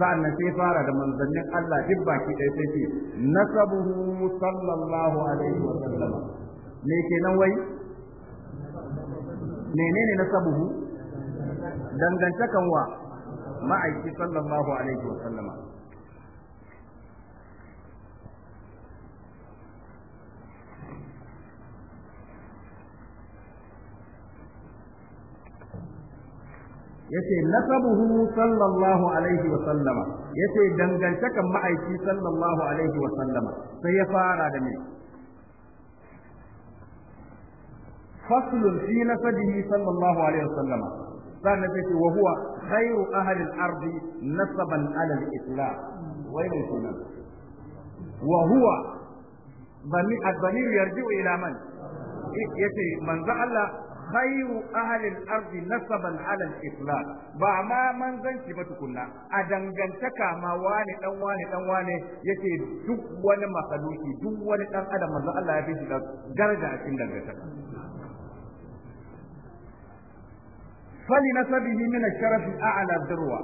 sa'annan sai fara da manzannin Allah duk baki ɗaya sai ce nasabuhu sallallahu alaihi wa sallam me kenan wai menene nasabuhu dangantakan wa ma'aiki sallallahu alaihi wa sallama yace nasabuhu sallallahu alaihi wa sallama yace dangantakan ma'aiki sallallahu alaihi wa sallama sai ya fara da ni. faslun fi nasabihi sallallahu alaihi wa sallama sannan sai wa huwa khairu ahli al-ard nasaban ala al-islam wai mai sunan bani ad-damir ila man yace manzo Allah khairu ahalin ardi nasaban alal islam ba ma manzanci ba tukunna a dangantaka ma wani dan wani dan wani yake duk wani makaluki duk wani dan adam manzo ya fi shi daraja a cikin dangantaka فلنسبه من الشرف الأعلى الذروة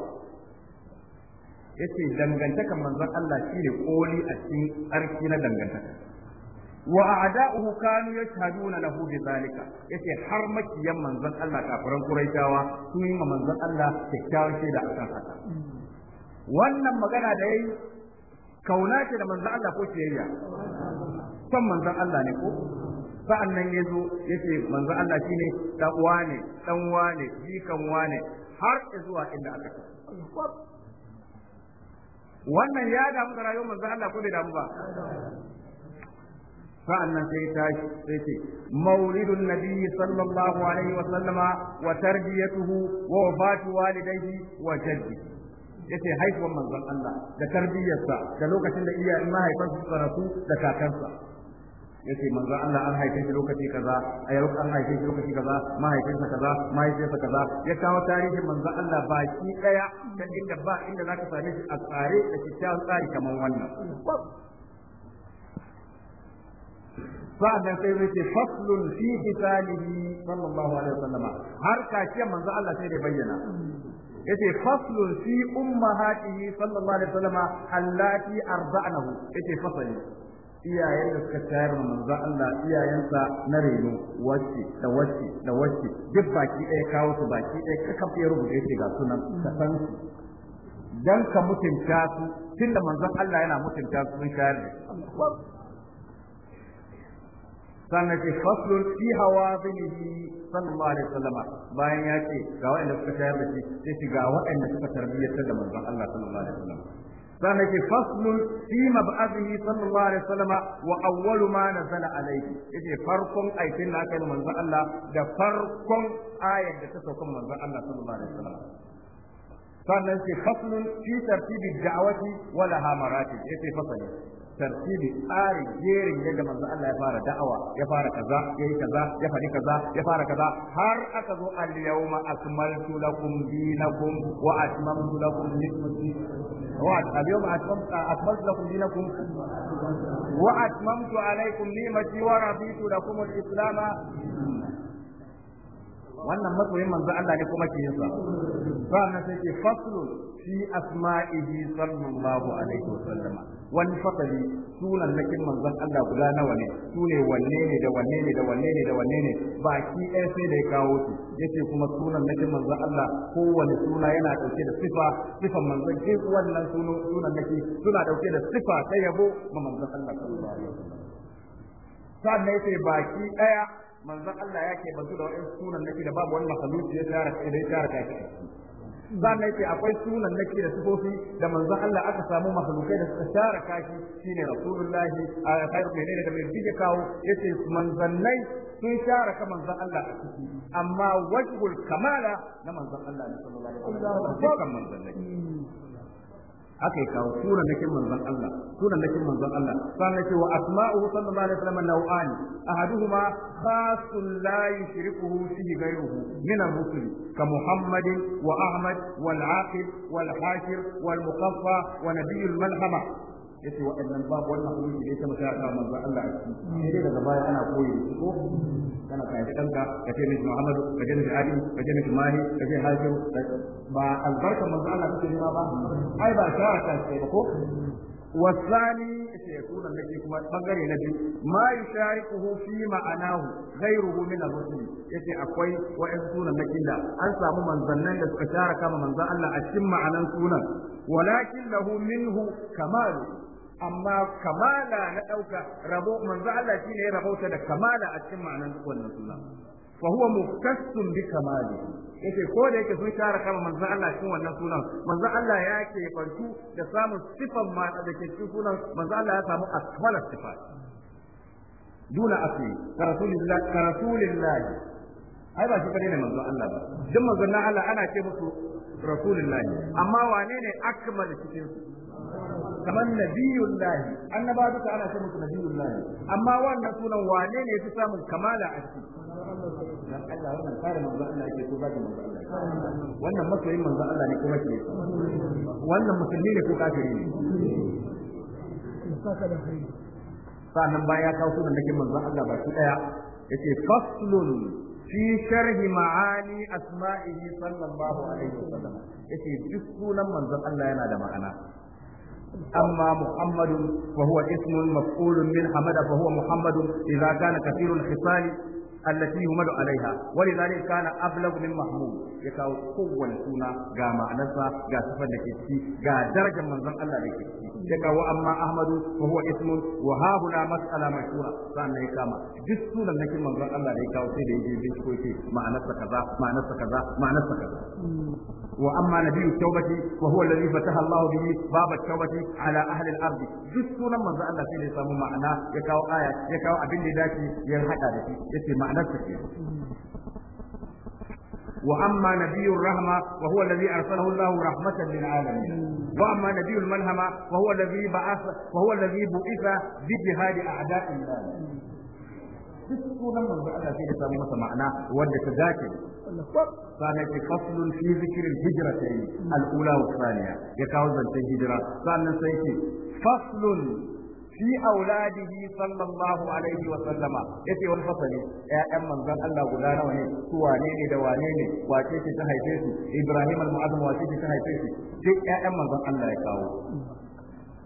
yace dangantakan manzon Allah shine koli a cikin arki na dangantaka wa a'da'uhu kanu yashhaduna lahu bi zalika yace har makiyan manzon Allah kafiran Quraishawa sun yi manzon Allah kyakkyawar shaida akan haka wannan magana da yayi kauna ce da manzon Allah ko ciyayya son manzon Allah ne ko sa'an nan ya zo ya ce manzo Allah shi ne ɗan'uwa ne ɗan'uwa ne jikanwa ne har zuwa inda aka ce. Wannan ya damu da rayuwar manzo Allah ko bai damu ba? sa'annan sai ya tashi sai ce maulidun nabi sallallahu alaihi wa sallama wa tarbiyatuhu wa wafatu walidayhi wa jaddi yace haifuwar manzon Allah da tarbiyyarsa da lokacin da iyayen mahaifansa suka rasu da kakansa yace manzo Allah an haife shi lokaci kaza a yau an haife shi lokaci kaza mahaifinsa kaza mahaifinsa kaza ya kawo tarihin manzo Allah baki daya ta inda ba inda zaka same shi a tsare da kyakkyawan tsari kamar wannan sa'annan sai zai ce faslun fi qitalihi sallallahu alaihi wasallam har kaciyar manzo Allah sai da bayyana yace faslun fi ummahatihi sallallahu alaihi wasallam allati arda'nahu yace fasali iyayen da suka tayar da manzo Allah iyayensa na reno wacce da wacce da wacce duk baki ɗaya kawo su baki ɗaya ka kafa ya rubuta yace ga sunan ka san su dan ka mutunta su tunda manzon Allah yana mutunta su sun shayar da sannan ce faslun fi hawazinihi sallallahu alaihi wasallama bayan ya ce ga waɗanda suka shayar da shi sai shi ga waɗanda suka tarbiyyantar da manzon Allah sallallahu alaihi wasallama sannan ce faslun fi mab'athihi sallallahu alaihi wasallama wa awwalu ma nazala alaihi yace farkon aikin da aka yi manzon Allah da farkon ayar da ta sauka manzon Allah sallallahu alaihi wasallama sannan ce faslun fi tartibi da'awati wa laha maratib yace fasali tartibi tsari jerin yadda manzo Allah ya fara da'awa ya fara kaza yayi kaza ya fadi kaza ya fara kaza har aka zo al yawma akmaltu lakum dinakum wa atmamtu lakum ni'mati wa al yawma akmaltu lakum dinakum wa atmamtu alaykum ni'mati wa raditu lakum al islam wannan masoyin manzo Allah ne kuma ke yinsa sannan sai ke faslun fi asma'ihi sallallahu alaihi wa sallama wani fasali sunan nakin manzon Allah guda nawa ne su ne wanne ne da wanne ne da wanne ne da wanne ne baki ɗaya sai da ya kawo su yace kuma sunan nakin manzon Allah kowane suna yana dauke da sifa sifan manzon duk wannan sunan naki suna dauke da sifa ta yabo ma manzon Allah sallallahu alaihi wasallam sannan yace baki ɗaya manzon Allah yake bazu da wani sunan naki da babu wani mahaluci ya tsara kai da ya tsara kai sannan ce akwai sunan ke da sifofi da manzon Allah aka samu makhlukai da suka share kashi shine rasulullahi a khairu menene da mai bige kawo yace manzannai sun share ka manzon Allah a ciki amma wajhul kamala na manzon Allah sallallahu alaihi wasallam kan manzannai hmm. aka yi kawo sura nakin manzon Allah sura nakin manzon Allah sannan ce wa asma'uhu sallallahu alaihi wasallam nau'ani ahaduhuma khasun la yushriku fihi ghayruhu min ar-rusul ka Muhammad wa Ahmad wal Aqil wal Hashir wal Muqaffa wa Nabiyul Malhama yace waɗannan babu wannan hukunci da ya taba ta ka manzo Allah a ciki sai dai daga baya ana koyi da ko kana ka yi ka ce miki Muhammadu ka je miki Ali ka ce miki Mahi ka ce Hajim ba albarka manzo Allah kake nema ba ai ba sha'a ta ce ba ko bangare na biyu. كما بغري نبي ما يشاركه في معناه غيره من الرسل Yace akwai وان سنن na دا An samu manzannan da suka share kama manza Allah a cikin ma'anan sunan walakin lahu minhu kamalu amma kamala na ɗauka rabo manzo Allah shine ya rabauta da kamala a cikin ma'anar wannan suna fa huwa muftassun bi kamali yake ko da yake sun share kama manzo Allah cikin wannan sunan manzo Allah ya ke da samun sifan ma da ke cikin sunan manzo Allah ya samu akmala sifat duna asli ka rasulillah ka rasulillah ai ba shi kare ne manzo Allah ba duk manzo Allah ana ce musu rasulillah amma wane ne akmal cikin su kamar nabiyun lahi annaba duka ana ce musu nabiyun lahi amma wannan sunan wane ne su samun kamala a ciki dan Allah wannan kare manzo Allah yake ko zaki manzo Allah wannan masoyin manzo Allah ne ko ke. wannan musulmi ne ko kafiri ne sannan ba ya kawo sunan nake manzo Allah baki daya yace faslun fi sharhi ma'ani asma'ihi sallallahu alaihi wasallam yace duk sunan manzon Allah yana da ma'ana أما محمد وهو اسم مفعول من حمد فهو محمد إذا كان كثير الخصال التي يمد عليها ولذلك كان أبلغ من محمود يكاو قوة سونا غا معنسا غا سفن لكي غا درجة من ذن الله لكي wa amma ahmadu fa huwa ismun wa ha huna mas'ala mashhura sannan ya kama duk sunan nake manzon Allah da ya kawo sai da yake binciko yake ma'anarsa kaza ma'anarsa kaza ma'anarsa kaza wa amma nabiyyu tawbati wa huwa alladhi fataha Allah bihi bab at-tawbati ala ahli al-ard duk sunan manzon Allah sai da ya samu ma'ana ya kawo aya ya kawo abin da ya dace ya hada da shi yace ma'anarsa ke واما نبي الرحمه وهو الذي ارسله الله رحمه للعالمين واما نبي الملهمه وهو الذي بعث وهو الذي بعث بجهاد اعداء الله duk sunan manzo Allah sai ya samu masa ma'ana wanda ta dace sana ke faslun fi zikirin hijira ta yi ya kawo zancen hijira sannan sai faslun fi auladihi sallallahu alaihi wa sallama yace wani fasali ƴaƴan manzon Allah guda nawa ne su wane ne da wane ne wace ce ta haife su Ibrahim al-Mu'azzam wace ce ta haife shi duk ƴaƴan manzon Allah ya kawo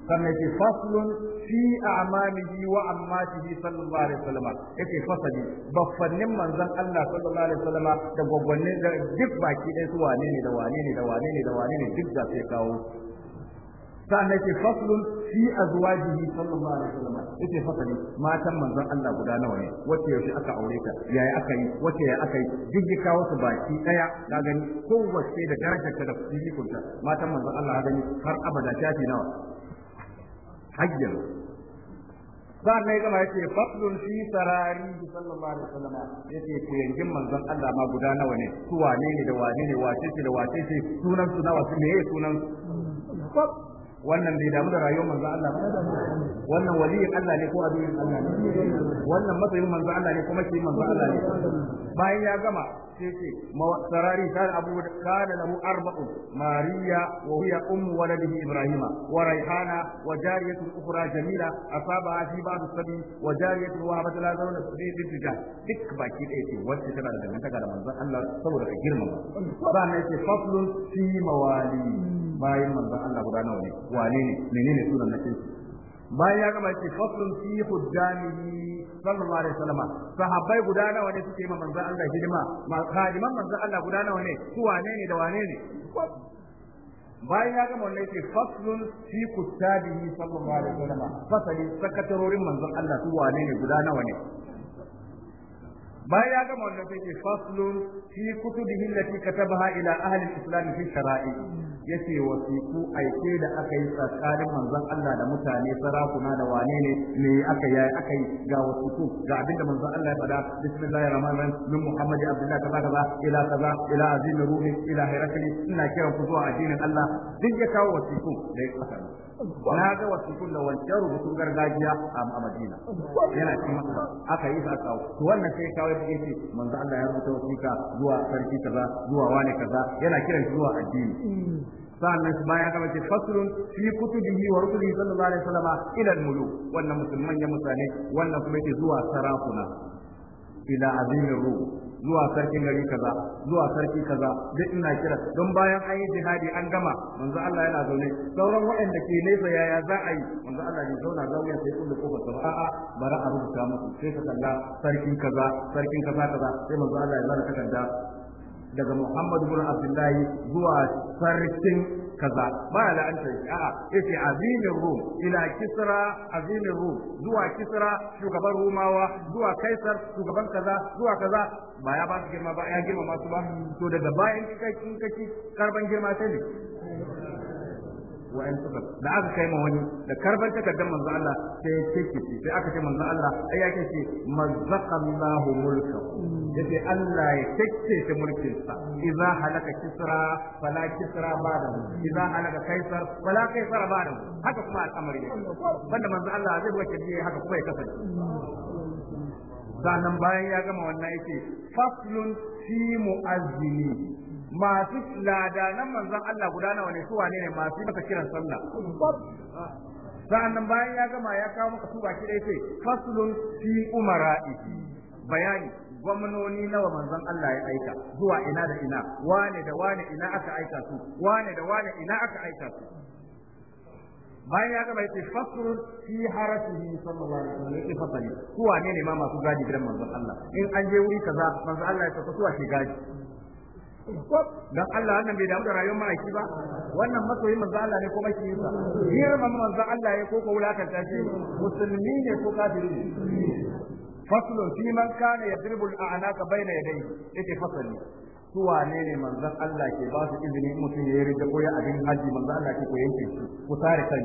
sannan ce faslun fi a'malihi wa ammatihi sallallahu alaihi sallama yace fasali baffannin manzon Allah sallallahu alaihi sallama da gwaggwannin da duk baki ɗaya su wane ne da wane ne da wane ne da wane ne duk da sai kawo sannan ce faslun fi azwajihi sallallahu alaihi wasallam yace fasali matan manzon Allah guda nawa ne wacce yaushe aka aure ta yaya aka yi wace ya aka yi duk ya kawo su baki daya ka gani kowace da darajar ta da fifikunta matan manzon Allah ga gani har abada ta fi nawa hajjar sa'an nan ya gama yace faslun fi sarari sallallahu alaihi wasallam yace ku yangin manzon Allah ma guda nawa ne su wane ne da wane ne wace ce da wace ce sunan su nawa su meye sunan wannan bai damu da rayuwar manzo Allah ba wannan waliyin Allah ne ko aduyin Allah ne wannan matsayin manzo Allah ne kuma shi manzo Allah ne bayan ya gama sai ce sarari kana abu kana lahu arba'un mariya wa hiya ummu waladihi ibrahima wa raihana wa jariyatu ukhra jamila asaba fi ba'd sabi wa jariyatu wa habat la zawna fi tijah duk baki ɗaya ce wacce tana da dangantaka da manzo Allah saboda ka girmama ba ne ce faslun fi mawali bayan manzon Allah guda nawa ne wane ne menene sunan nakin bayan ya gama ce faslun fi huddanihi sallallahu alaihi wasallam sahabbai guda nawa ne suke ma manzon Allah hidima ma khadiman manzon Allah guda nawa ne su wane ne da wane ne bayan ya gama wannan yake faslun fi kuttabihi sallallahu alaihi wasallam fasali sakatarorin manzon Allah su wane ne guda nawa ne bayan ya gama wannan sai ce faslun fi kutubihi allati katabaha ila ahli al-islam fi shara'i yace wasiku aike da aka yi tsakanin manzon Allah da mutane sarakuna da wane ne me aka yi aka yi ga wasiku ga abinda manzon Allah ya faɗa bismillahir rahmanir rahim min muhammadi abdullahi kaza kaza ila kaza ila azim ruhi ila hirakli ina kiran ku zuwa addinin Allah duk ya kawo wasiku da ya kasance na ga wasikun da wancan rubutun gargajiya a Madina yana cikin masana aka yi sa kawo to wannan sai kawai da yake manzo Allah ya rubuta wasika zuwa sarki kaza zuwa wani kaza yana kiran zuwa addini Sannan su bayan kama ce fasulun fi kutubihi wa rusulihi sallallahu alaihi wasallam ila al mulu wannan musulman ya mutane wannan kuma yake zuwa sarakuna ila azimin ruwa. zuwa sarkin gari kaza zuwa sarki kaza duk ina kira don bayan an yi jihadi an gama manzo Allah yana zaune sauran waɗanda ke nesa yaya za a yi manzo Allah ne zauna zawiya sai kullu kofa sa a'a bara a rubuta musu sai ka kalla sarkin kaza sarkin kaza kaza sai manzo Allah ya zana takarda daga Muhammadu bin Abdullahi zuwa sarkin kaza ba la an ta a'a yace azimin rum ila kisra azimin rum zuwa kisra shugaban rumawa zuwa kaisar shugaban kaza zuwa kaza ba ya ba su girma ba ya girma masu ba to daga bayan kai kin kaci karban girma sai ne wa'in suka da aka kai ma wani da karban takardar manzo Allah sai ya ce ki sai aka ce manzo Allah ai ya ce ki mulka. mulkahu mm. yace Allah ya tace ta mulkin sa idza halaka kisra fala kisra ba'dahu mm. idza halaka kaisar fala kaisar ba'dahu haka kuma al'amari banda manzo Allah zai buga kirji haka kuma ya kasance mm. sannan bayan ya gama wannan yake faslun fi mu'azzini masu ladanan manzan Allah guda nawa ne su wane ne masu masa kiran sallah Sa'an nan bayan ya gama ya kawo maka su baki dai sai faslun fi umara'i bayani gwamnoni nawa manzan Allah ya aika zuwa ina da ina wane da wane ina aka aika su wane da wane ina aka aika su bayan ya gama yace fasrun fi harasihi sallallahu alaihi wasallam yace fasali su wane ne ma masu gadi gidan manzon Allah in an je wuri kaza manzon Allah ya tafi su a gaji dan Allah wannan bai damu da rayuwar ma'aiki ba wannan masoyin manzo Allah ne ko maki yinsa girma manzo Allah ya koko ta shi musulmi ne ko kafiri ne faslun fi man kana yadribu al'anaka bayna yadayhi yake fasali su wane ne manzon Allah ke ba su izini mutum ya rija ko ya abin haji manzon Allah ke ko yanke shi ku tare kan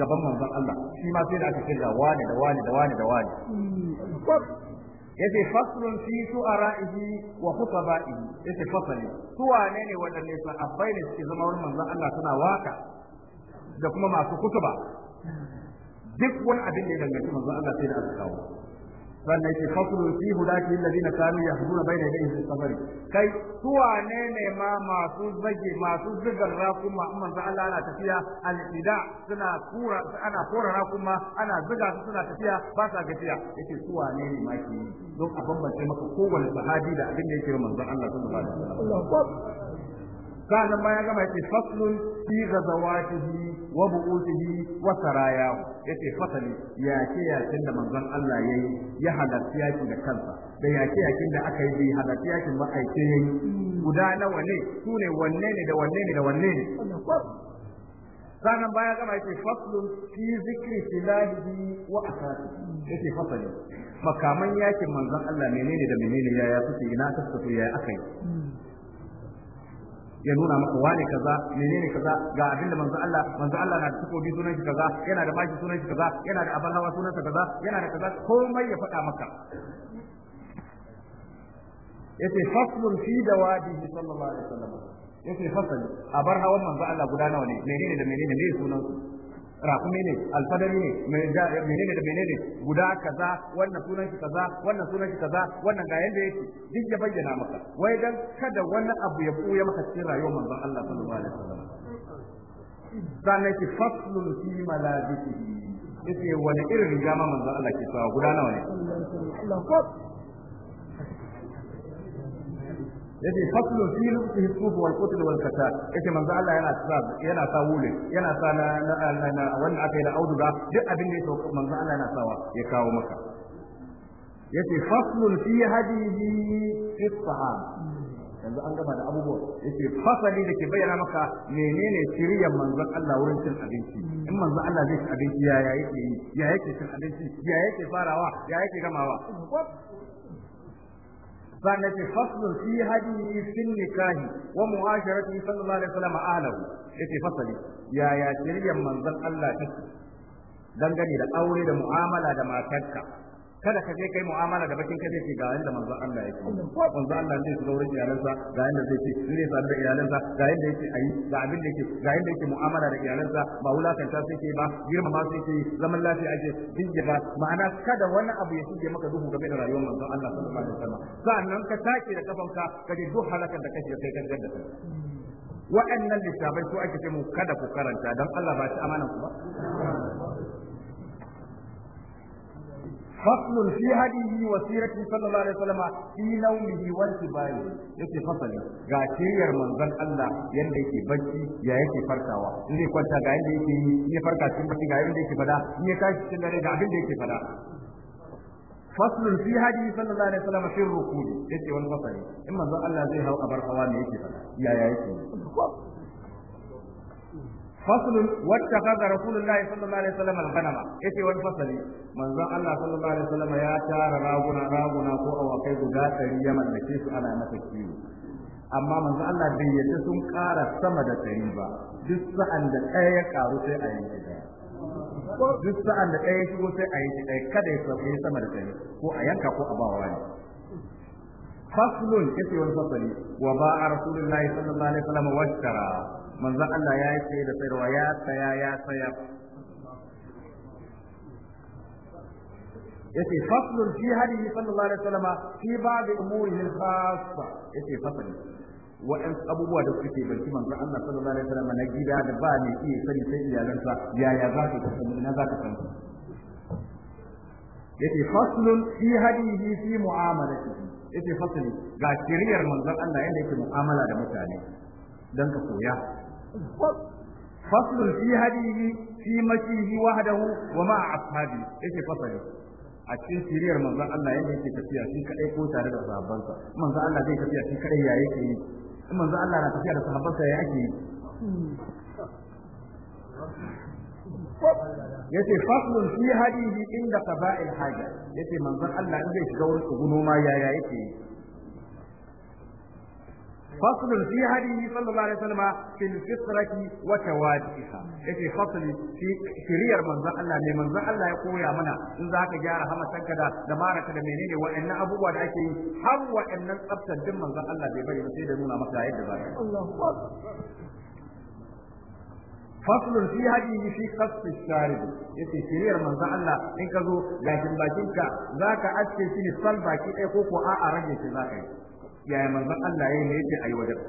gaban manzon Allah shi ma sai da aka kira wane da wane da wane da wane yace faslun fi su'ara'ihi wa khutaba'ihi yace fasali su wane ne wadanne sahabbai ne suke zama wurin manzon Allah suna waka da kuma masu kutuba duk wani abin da ya danganci manzon Allah sai da aka kawo sannan yake fasulun fi hudati alladhina kanu yahduna bayna yadayhi fi safari kai su wane ne ma masu zage masu zugar rakuma in manzo Allah ana tafiya al-ida suna kura ana kora rakuma ana zuga su suna tafiya ba sa gajiya yake su wane ne ma ke don a bambance maka kowane sahabi da abin da yake manzo Allah sallallahu alaihi wasallam ma ya gama yake faslun fi ghazawatihi wa bu'utihi wa sarayahu yace fasali yake yakin da manzon Allah yayi ya halarci yakin da kansa da yake yakin da aka yi bai halarci yakin ba aike yayi guda nawa ne sune wanne ne da wanne ne da wanne ne sannan baya gama yake faslun fi zikri silahihi wa asati yake fasali makaman yakin manzon Allah menene da menene yaya suke ina suka ya yi? ya nuna maka wane kaza menene kaza ga abinda manzo Allah manzo Allah na da takobi sunan shi kaza yana da baki sunan shi kaza yana da abin hawa sunan shi kaza yana da kaza komai ya faɗa maka yace faslun fi dawadihi sallallahu alaihi wasallam yace fasali abar hawan manzo Allah guda nawa ne menene da menene ne sunan su rafi ne alfadari ne menene da menene guda kaza wannan sunan shi kaza wannan sunan shi kaza wannan ga yanda yake duk ya bayyana maka wai dan kada wani abu ya buya maka cikin rayuwar manzon Allah sallallahu alaihi wasallam sannan ki faslun fi malabisihi yace wani irin riga ma manzon Allah ke sawa guda nawa ne yace faslu fi lubsi hisuf wal qutl wal kata yace manzo Allah yana sa yana sa wule yana sa na na wannan yi da auduga duk abin da ya sauka manzo Allah yana sawa ya kawo maka yace faslun fi hadihi isfahan yanzu an gama da abubuwa yace fasali da ke bayyana maka menene shiriyar manzon Allah wurin cin abinci in manzon Allah zai ci abinci ya yake yi ya yake cin abinci ya yake farawa ya yake gamawa sannan ce faslun fi hadihi fil nikahi wa mu'asharati sallallahu alaihi wasallam ahlahu yace fasali ya ya shiryan manzon Allah take dangane da aure da mu'amala da matarka kada ka je kai mu'amala da bakin ka zai ce ga yanda manzo Allah yake manzo Allah zai zo wurin iyalansa ga yanda zai ce zai sadu da iyalansa ga yanda yake ayi ga abin da yake ga yanda yake mu'amala da iyalansa ba wulakanta sai ke ba girmama sai ke zaman lafiya ake dinge ba ma'ana kada wani abu ya shige maka duhu game da rayuwar manzo Allah sallallahu alaihi wasallam sannan ka take da kafanka ka je duk halakan da kake kai kan da kai wa'annan littafai su ake ce mu kada ku karanta don Allah ba shi amanan ku ba فصل في هديه وسيرته صلى الله عليه وسلم في نومه وانتباهه yake fasali ga shiryar manzon Allah yadda yake bacci ya yake farkawa in zai ga yadda yake yi in ya farka ga yadda yake fada in ya tashi cikin ga abin yake fada faslun fi hadi sallallahu alaihi wasallam fi rukuni yace wani fasali in manzon Allah zai hau abar hawa ne yake fada yaya yake faslun wattakhadha rasulullahi sallallahu alaihi wasallam al-ghanama yace wani fasali manzon Allah ya tara raguna raguna ko awakai guda 100 ya mallake su ana masa kiwo amma manzon Allah bai yadda sun ƙara sama da 100 ba duk sa'an da ɗaya ya karu sai a yanki daya duk sa'an da ɗaya ya shigo sai a yanki ɗaya kada ya sauke sama da 100 ko a yanka ko a bawa ne faslun yace wani fasali wa ba'a rasulullahi sallallahu alaihi wasallam washtara manzo Allah ya yi sai da sayarwa ya saya ya saya yace faslun fi hadihi sallallahu alaihi wasallam fi ba'd umurihi al-khassa yace fasali wa'ansu abubuwa da suke barci manzo Allah sallallahu alaihi wasallam na gida da ba ne iya sani sai iyalansa yaya za ka san ina za ka san yake faslun fi hadihi fi mu'amalatihi yace fasali ga shiriyar manzon Allah yadda yake mu'amala da mutane dan ka koya faslun fi hadihi fi mashihi wahdahu wa ma'a ashabi yace fasali a cikin shiriyar manzon Allah yadda yake tafiya shi kadai ko tare da sahabbansa manzon Allah zai tafiya shi kadai ya yake yi manzon Allah na tafiya da sahabbansa ya yake yi ya ce faslun fi hadihi inda qada'il haja ya ce manzon Allah in zai shiga wurin tsuguno ma ya ya yake faslun fi hadihi sallallahu alaihi wasallam fil fitrati wa tawadiha ya ce faslun fi shiriyar Allah ne manzon Allah ya koya mana in za ka gyara hamatanka da da maraka da menene wa'annan abubuwa da ake yi har wa'annan tsaftar din manzon Allah bai bari sai da nuna masa yadda ba ka faslun fi hadihi fi qasf sharib yace shiriyar manzo Allah in ka zo gashin bakinka zaka aske shi ne sal baki ɗaya ko ko a rage shi zaka yi yaya manzo Allah yayi ne yace ayi wajen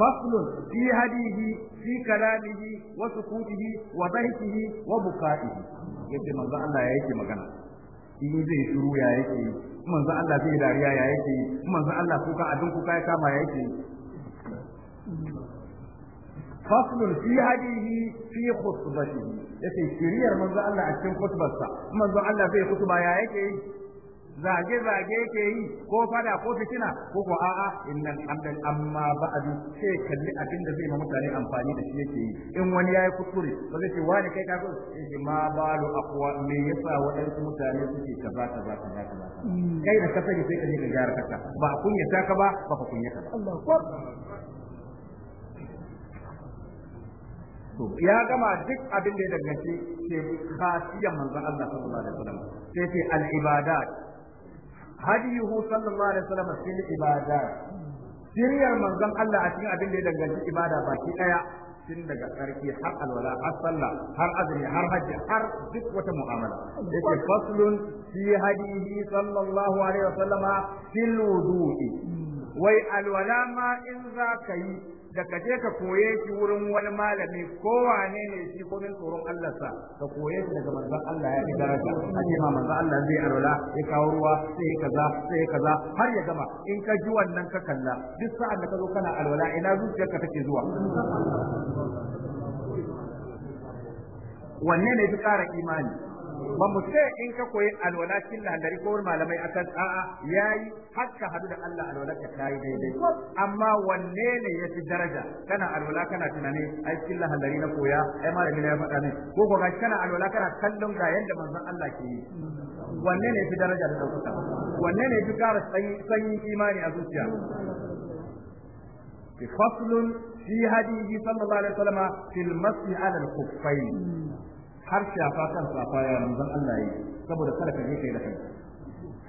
فصل في هديه في كلامه وسكوته وضحكه وبكائه yace manzo Allah ya yake magana in zai shiru ya yake manzo Allah zai dariya ya yake manzo Allah kuka abin kuka ya kama ya yake faslun fi hadihi fi khutbatihi yace shiriyar manzo Allah a cikin khutbarsa manzo Allah zai khutba ya yake yi zage zage ke yi ko fada ko fitina ko ko a'a innal hamdan amma ba'du sai kalli abin da zai ma mutane amfani da shi yake yi in wani yayi kuskure ba zai ce wani kai ka ko ma balu aqwa me yasa waɗansu mutane suke kaza kaza kaza kaza mm. kai da ka sai ka je ka gyara kanka ba kunya ta ka ba ba ka kunya ka ba ya gama duk abin da ya danganci ke khasiyar manzon Allah sallallahu alaihi wasallam sai ce al ibadat hadiyuhu sallallahu alaihi wasallam fil ibadat siriyar manzon Allah a cikin abin da ya danganci ibada baki daya tun daga sarki har alwala har sallah har azumi har hajji har duk wata mu'amala yake faslun fi hadihi sallallahu alaihi wasallama fil wudu'i wai alwala ma in za ka yi da ka je ka koye shi wurin wani malami ko wane ne shi ko min tsoron Allah sa ka koye shi daga manzon Allah ya daraja a ce ma manzon Allah zai alwala ya kawo ruwa sai kaza sai kaza har ya gama in ka ji wannan ka kalla duk sa'an da ka zo kana alwala ina zuciyarka take zuwa wanne ne fi ƙara imani ba mu ce in ka koyi alwala cin lalari ko malamai akan a'a yayi hakka hadu da Allah alwala ka tayi daidai amma wanne ne yafi daraja kana alwala kana tunani ai cin lalari na koya ai malami ya faɗa ne ko ko kana alwala kana kallon ga yanda manzon Allah ke yi wanne ne yafi daraja da dauka wanne ne yafi kara sanyi imani a zuciya فصل في هديه صلى الله عليه وسلم في المسجد al الخفين har shafa kan safa ya manzon Allah yi saboda kada ka je kai da kai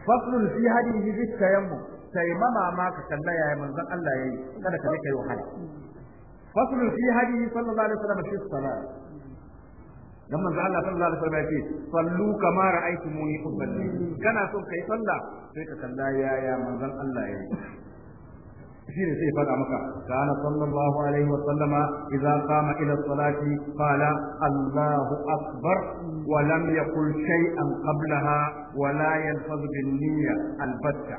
faslun fi hadihi bi tayammu taimama ma ka kalla ya manzon Allah yi kada ka je kai wahala faslun fi hadihi sallallahu alaihi wasallam fi salat dan manzo Allah sallallahu alaihi wasallam ya ce sallu kama ra'aytumuni usalli kana son kai sallah sai ka kalla ya ya manzon Allah yi ne sai fada maka kana sallallahu alaihi wa sallama idza qama ila salati Fala Allahu akbar wa lam yaqul shay'an qablaha wa la yanfadhu bin niyya albatta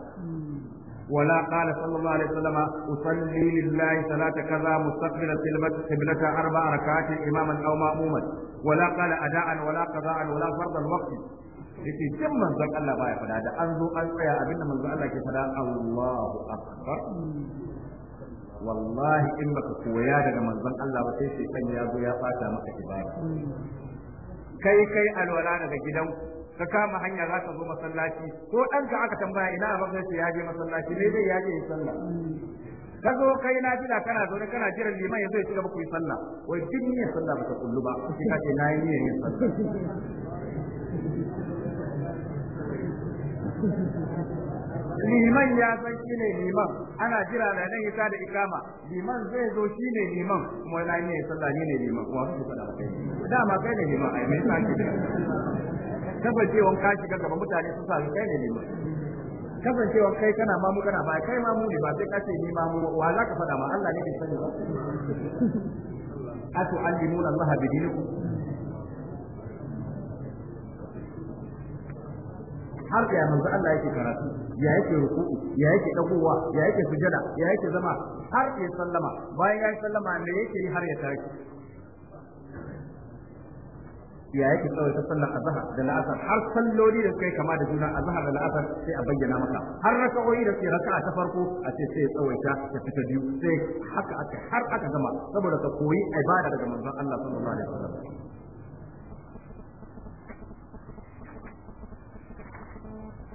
ولا قال صلى الله عليه وسلم أصلي لله صلاة كذا مستقبل قبلة أربع ركعات إماما أو مأموما ولا قال أداء ولا قضاء ولا فرض الوقت yake cin manzon Allah baya fada da an zo an tsaya abinda manzon Allah ke fada Allahu akbar wallahi in baka koya daga manzon Allah ba sai sai kan ya zo ya fata maka ibada kai kai alwala daga gidan ka kama hanya za ka zo masallaci ko dan ka aka tambaya ina abin sai ya je masallaci ne zai ya je sallah ka zo kai na jira kana zaune kana jiran liman yanzu ya ci gaba ku yi sallah wai duk niyyar sallah ba ta kullu ba sai ce na yi niyyar yin sallah liman ya san shi ne liman ana jira da nan isa da ikama liman zai zo shi ne liman kuma na ne sallah ne liman wa su faɗa kai dama kai ne liman ai mai sa ki da kasancewan ka shiga gaba mutane su sa kai ne liman kasancewan kai kana mamu kana ba kai mamu ne ba sai ka ce ni mamu wa za ka faɗa ma Allah ne ke sani ba alimuna Allah bidinikum har ya manzo Allah yake karatu ya yake ruku'u ya yake dagowa ya yake sujada ya yake zama har ya sallama bayan ya sallama me yake yi har ya tashi ya yake tsawai ta sallar azhar da la'asar har salloli da suka yi kama da juna azhar da la'asar sai a bayyana maka har raka'o'i da sai raka'a ta farko a ce sai tsawaita ta fita biyu sai haka aka har aka zama saboda ka koyi ibada daga manzon Allah sallallahu alaihi wasallam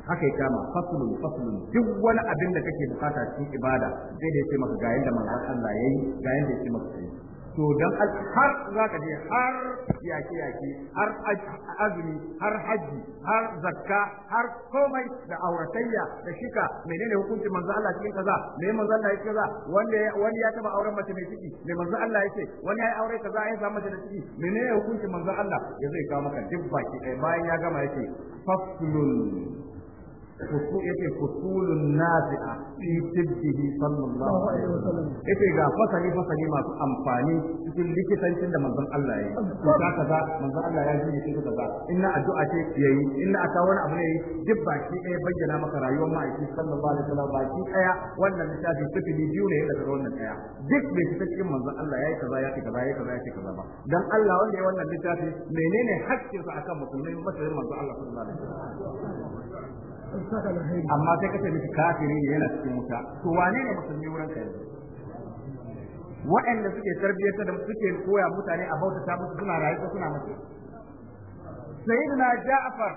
haka ya kama fasulun fasulun duk wani abin da kake bukata cikin ibada zai da ya ce maka ga yanda manzon Allah yayi ga yanda ya ce maka sai to dan har zaka je har yaki yaki har azumi har haji har zakka har komai da auratayya da shika menene hukuncin manzo Allah cikin kaza me manzo Allah yake kaza wanda wani ya taba auren mace mai ciki me manzo Allah yake wani ya aure kaza ya samu mace da ciki menene hukuncin manzo Allah ya zai kawo maka duk baki bayan ya gama yake fasulun. yake fusulun nafi'a fi tibbihi sallallahu alaihi wasallam yake ga fasali fasali masu amfani cikin likitancin da manzon Allah yayi to ka kaza manzon Allah ya ji cikin kaza inna addu'a ce yayi inna aka wani abu ne duk baki ɗaya bayyana maka rayuwar ma'aiki sallallahu alaihi wasallam baki ɗaya wannan littafi sifili biyu ne daga wannan ɗaya duk bai fita cikin manzon Allah yayi kaza yayi kaza yayi kaza yayi kaza ba dan Allah wanda ya wannan littafi menene haƙƙinsa akan musulmai masoyin manzon Allah sallallahu alaihi wasallam amma sai ka ce miki kafiri ne yana cikin wuta to wane ne musulmi wurin ka yanzu waɗanda suke tarbiyyar da suke koya mutane a bauta ta musu suna rayu ko suna mutu sayyidina ja'far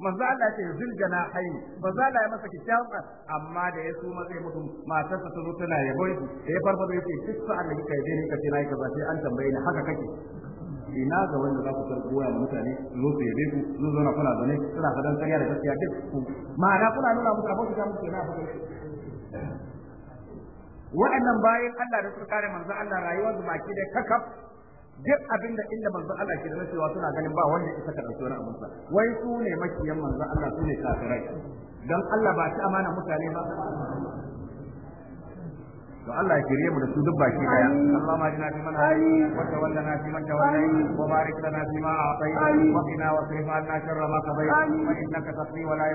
manzo Allah ce ziljana hayy manzo Allah ya masa kikkiawa amma da ya suma zai mutum matarsa ta zo tana yabon shi ya farfado yake duk sa'an da kika yi ka ce nayi kaza sai an tambaye ni haka kake ina ga wanda za ku karɓo da mutane zo su yabe ku zo zo na kuna zane suna fadan karya da gaskiya duk ku ma'ana kuna nuna musu abin da muke na fadan wa'annan bayan Allah da suka kare manzo Allah rayuwar su baki da kakaf duk abinda inda manzo Allah ke da cewa suna ganin ba wanda isa ka dauki wani abin sa wai su ne makiyan manzo Allah su ne kafirai dan Allah ba ci amana mutane ba to Allah ya kire mu da su duk baki daya Allah ma jina fi man hadi wa tawallana fi man tawallai wa barik lana fi ma a'tai wa qina wa sirif anna sharra ma wa innaka wa la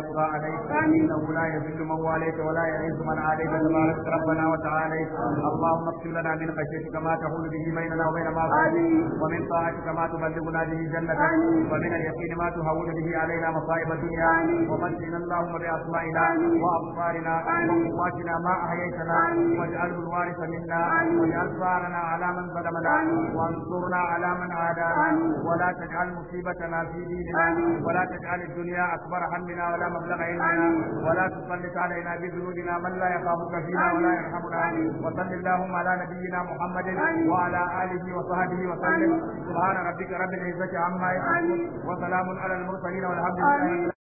la man walayta wa la yu'izzu man tabarak rabbana wa ta'ala Allahumma lana min khashyatik ma tahulu bihi bainana wa wa min ta'atik ma tuballighuna bihi wa min al ma bihi alayna الوارث منا واجعل ثارنا على من ظلمنا وانصرنا على من عادانا ولا تجعل مصيبتنا في ديننا ولا تجعل الدنيا اكبر همنا ولا مبلغ علمنا ولا تسلط علينا بذنوبنا من لا يخافك فينا ولا يرحمنا وصل اللهم على نبينا محمد وعلى اله وصحبه وسلم سبحان ربك رب العزه عما يصفون وسلام على المرسلين والحمد لله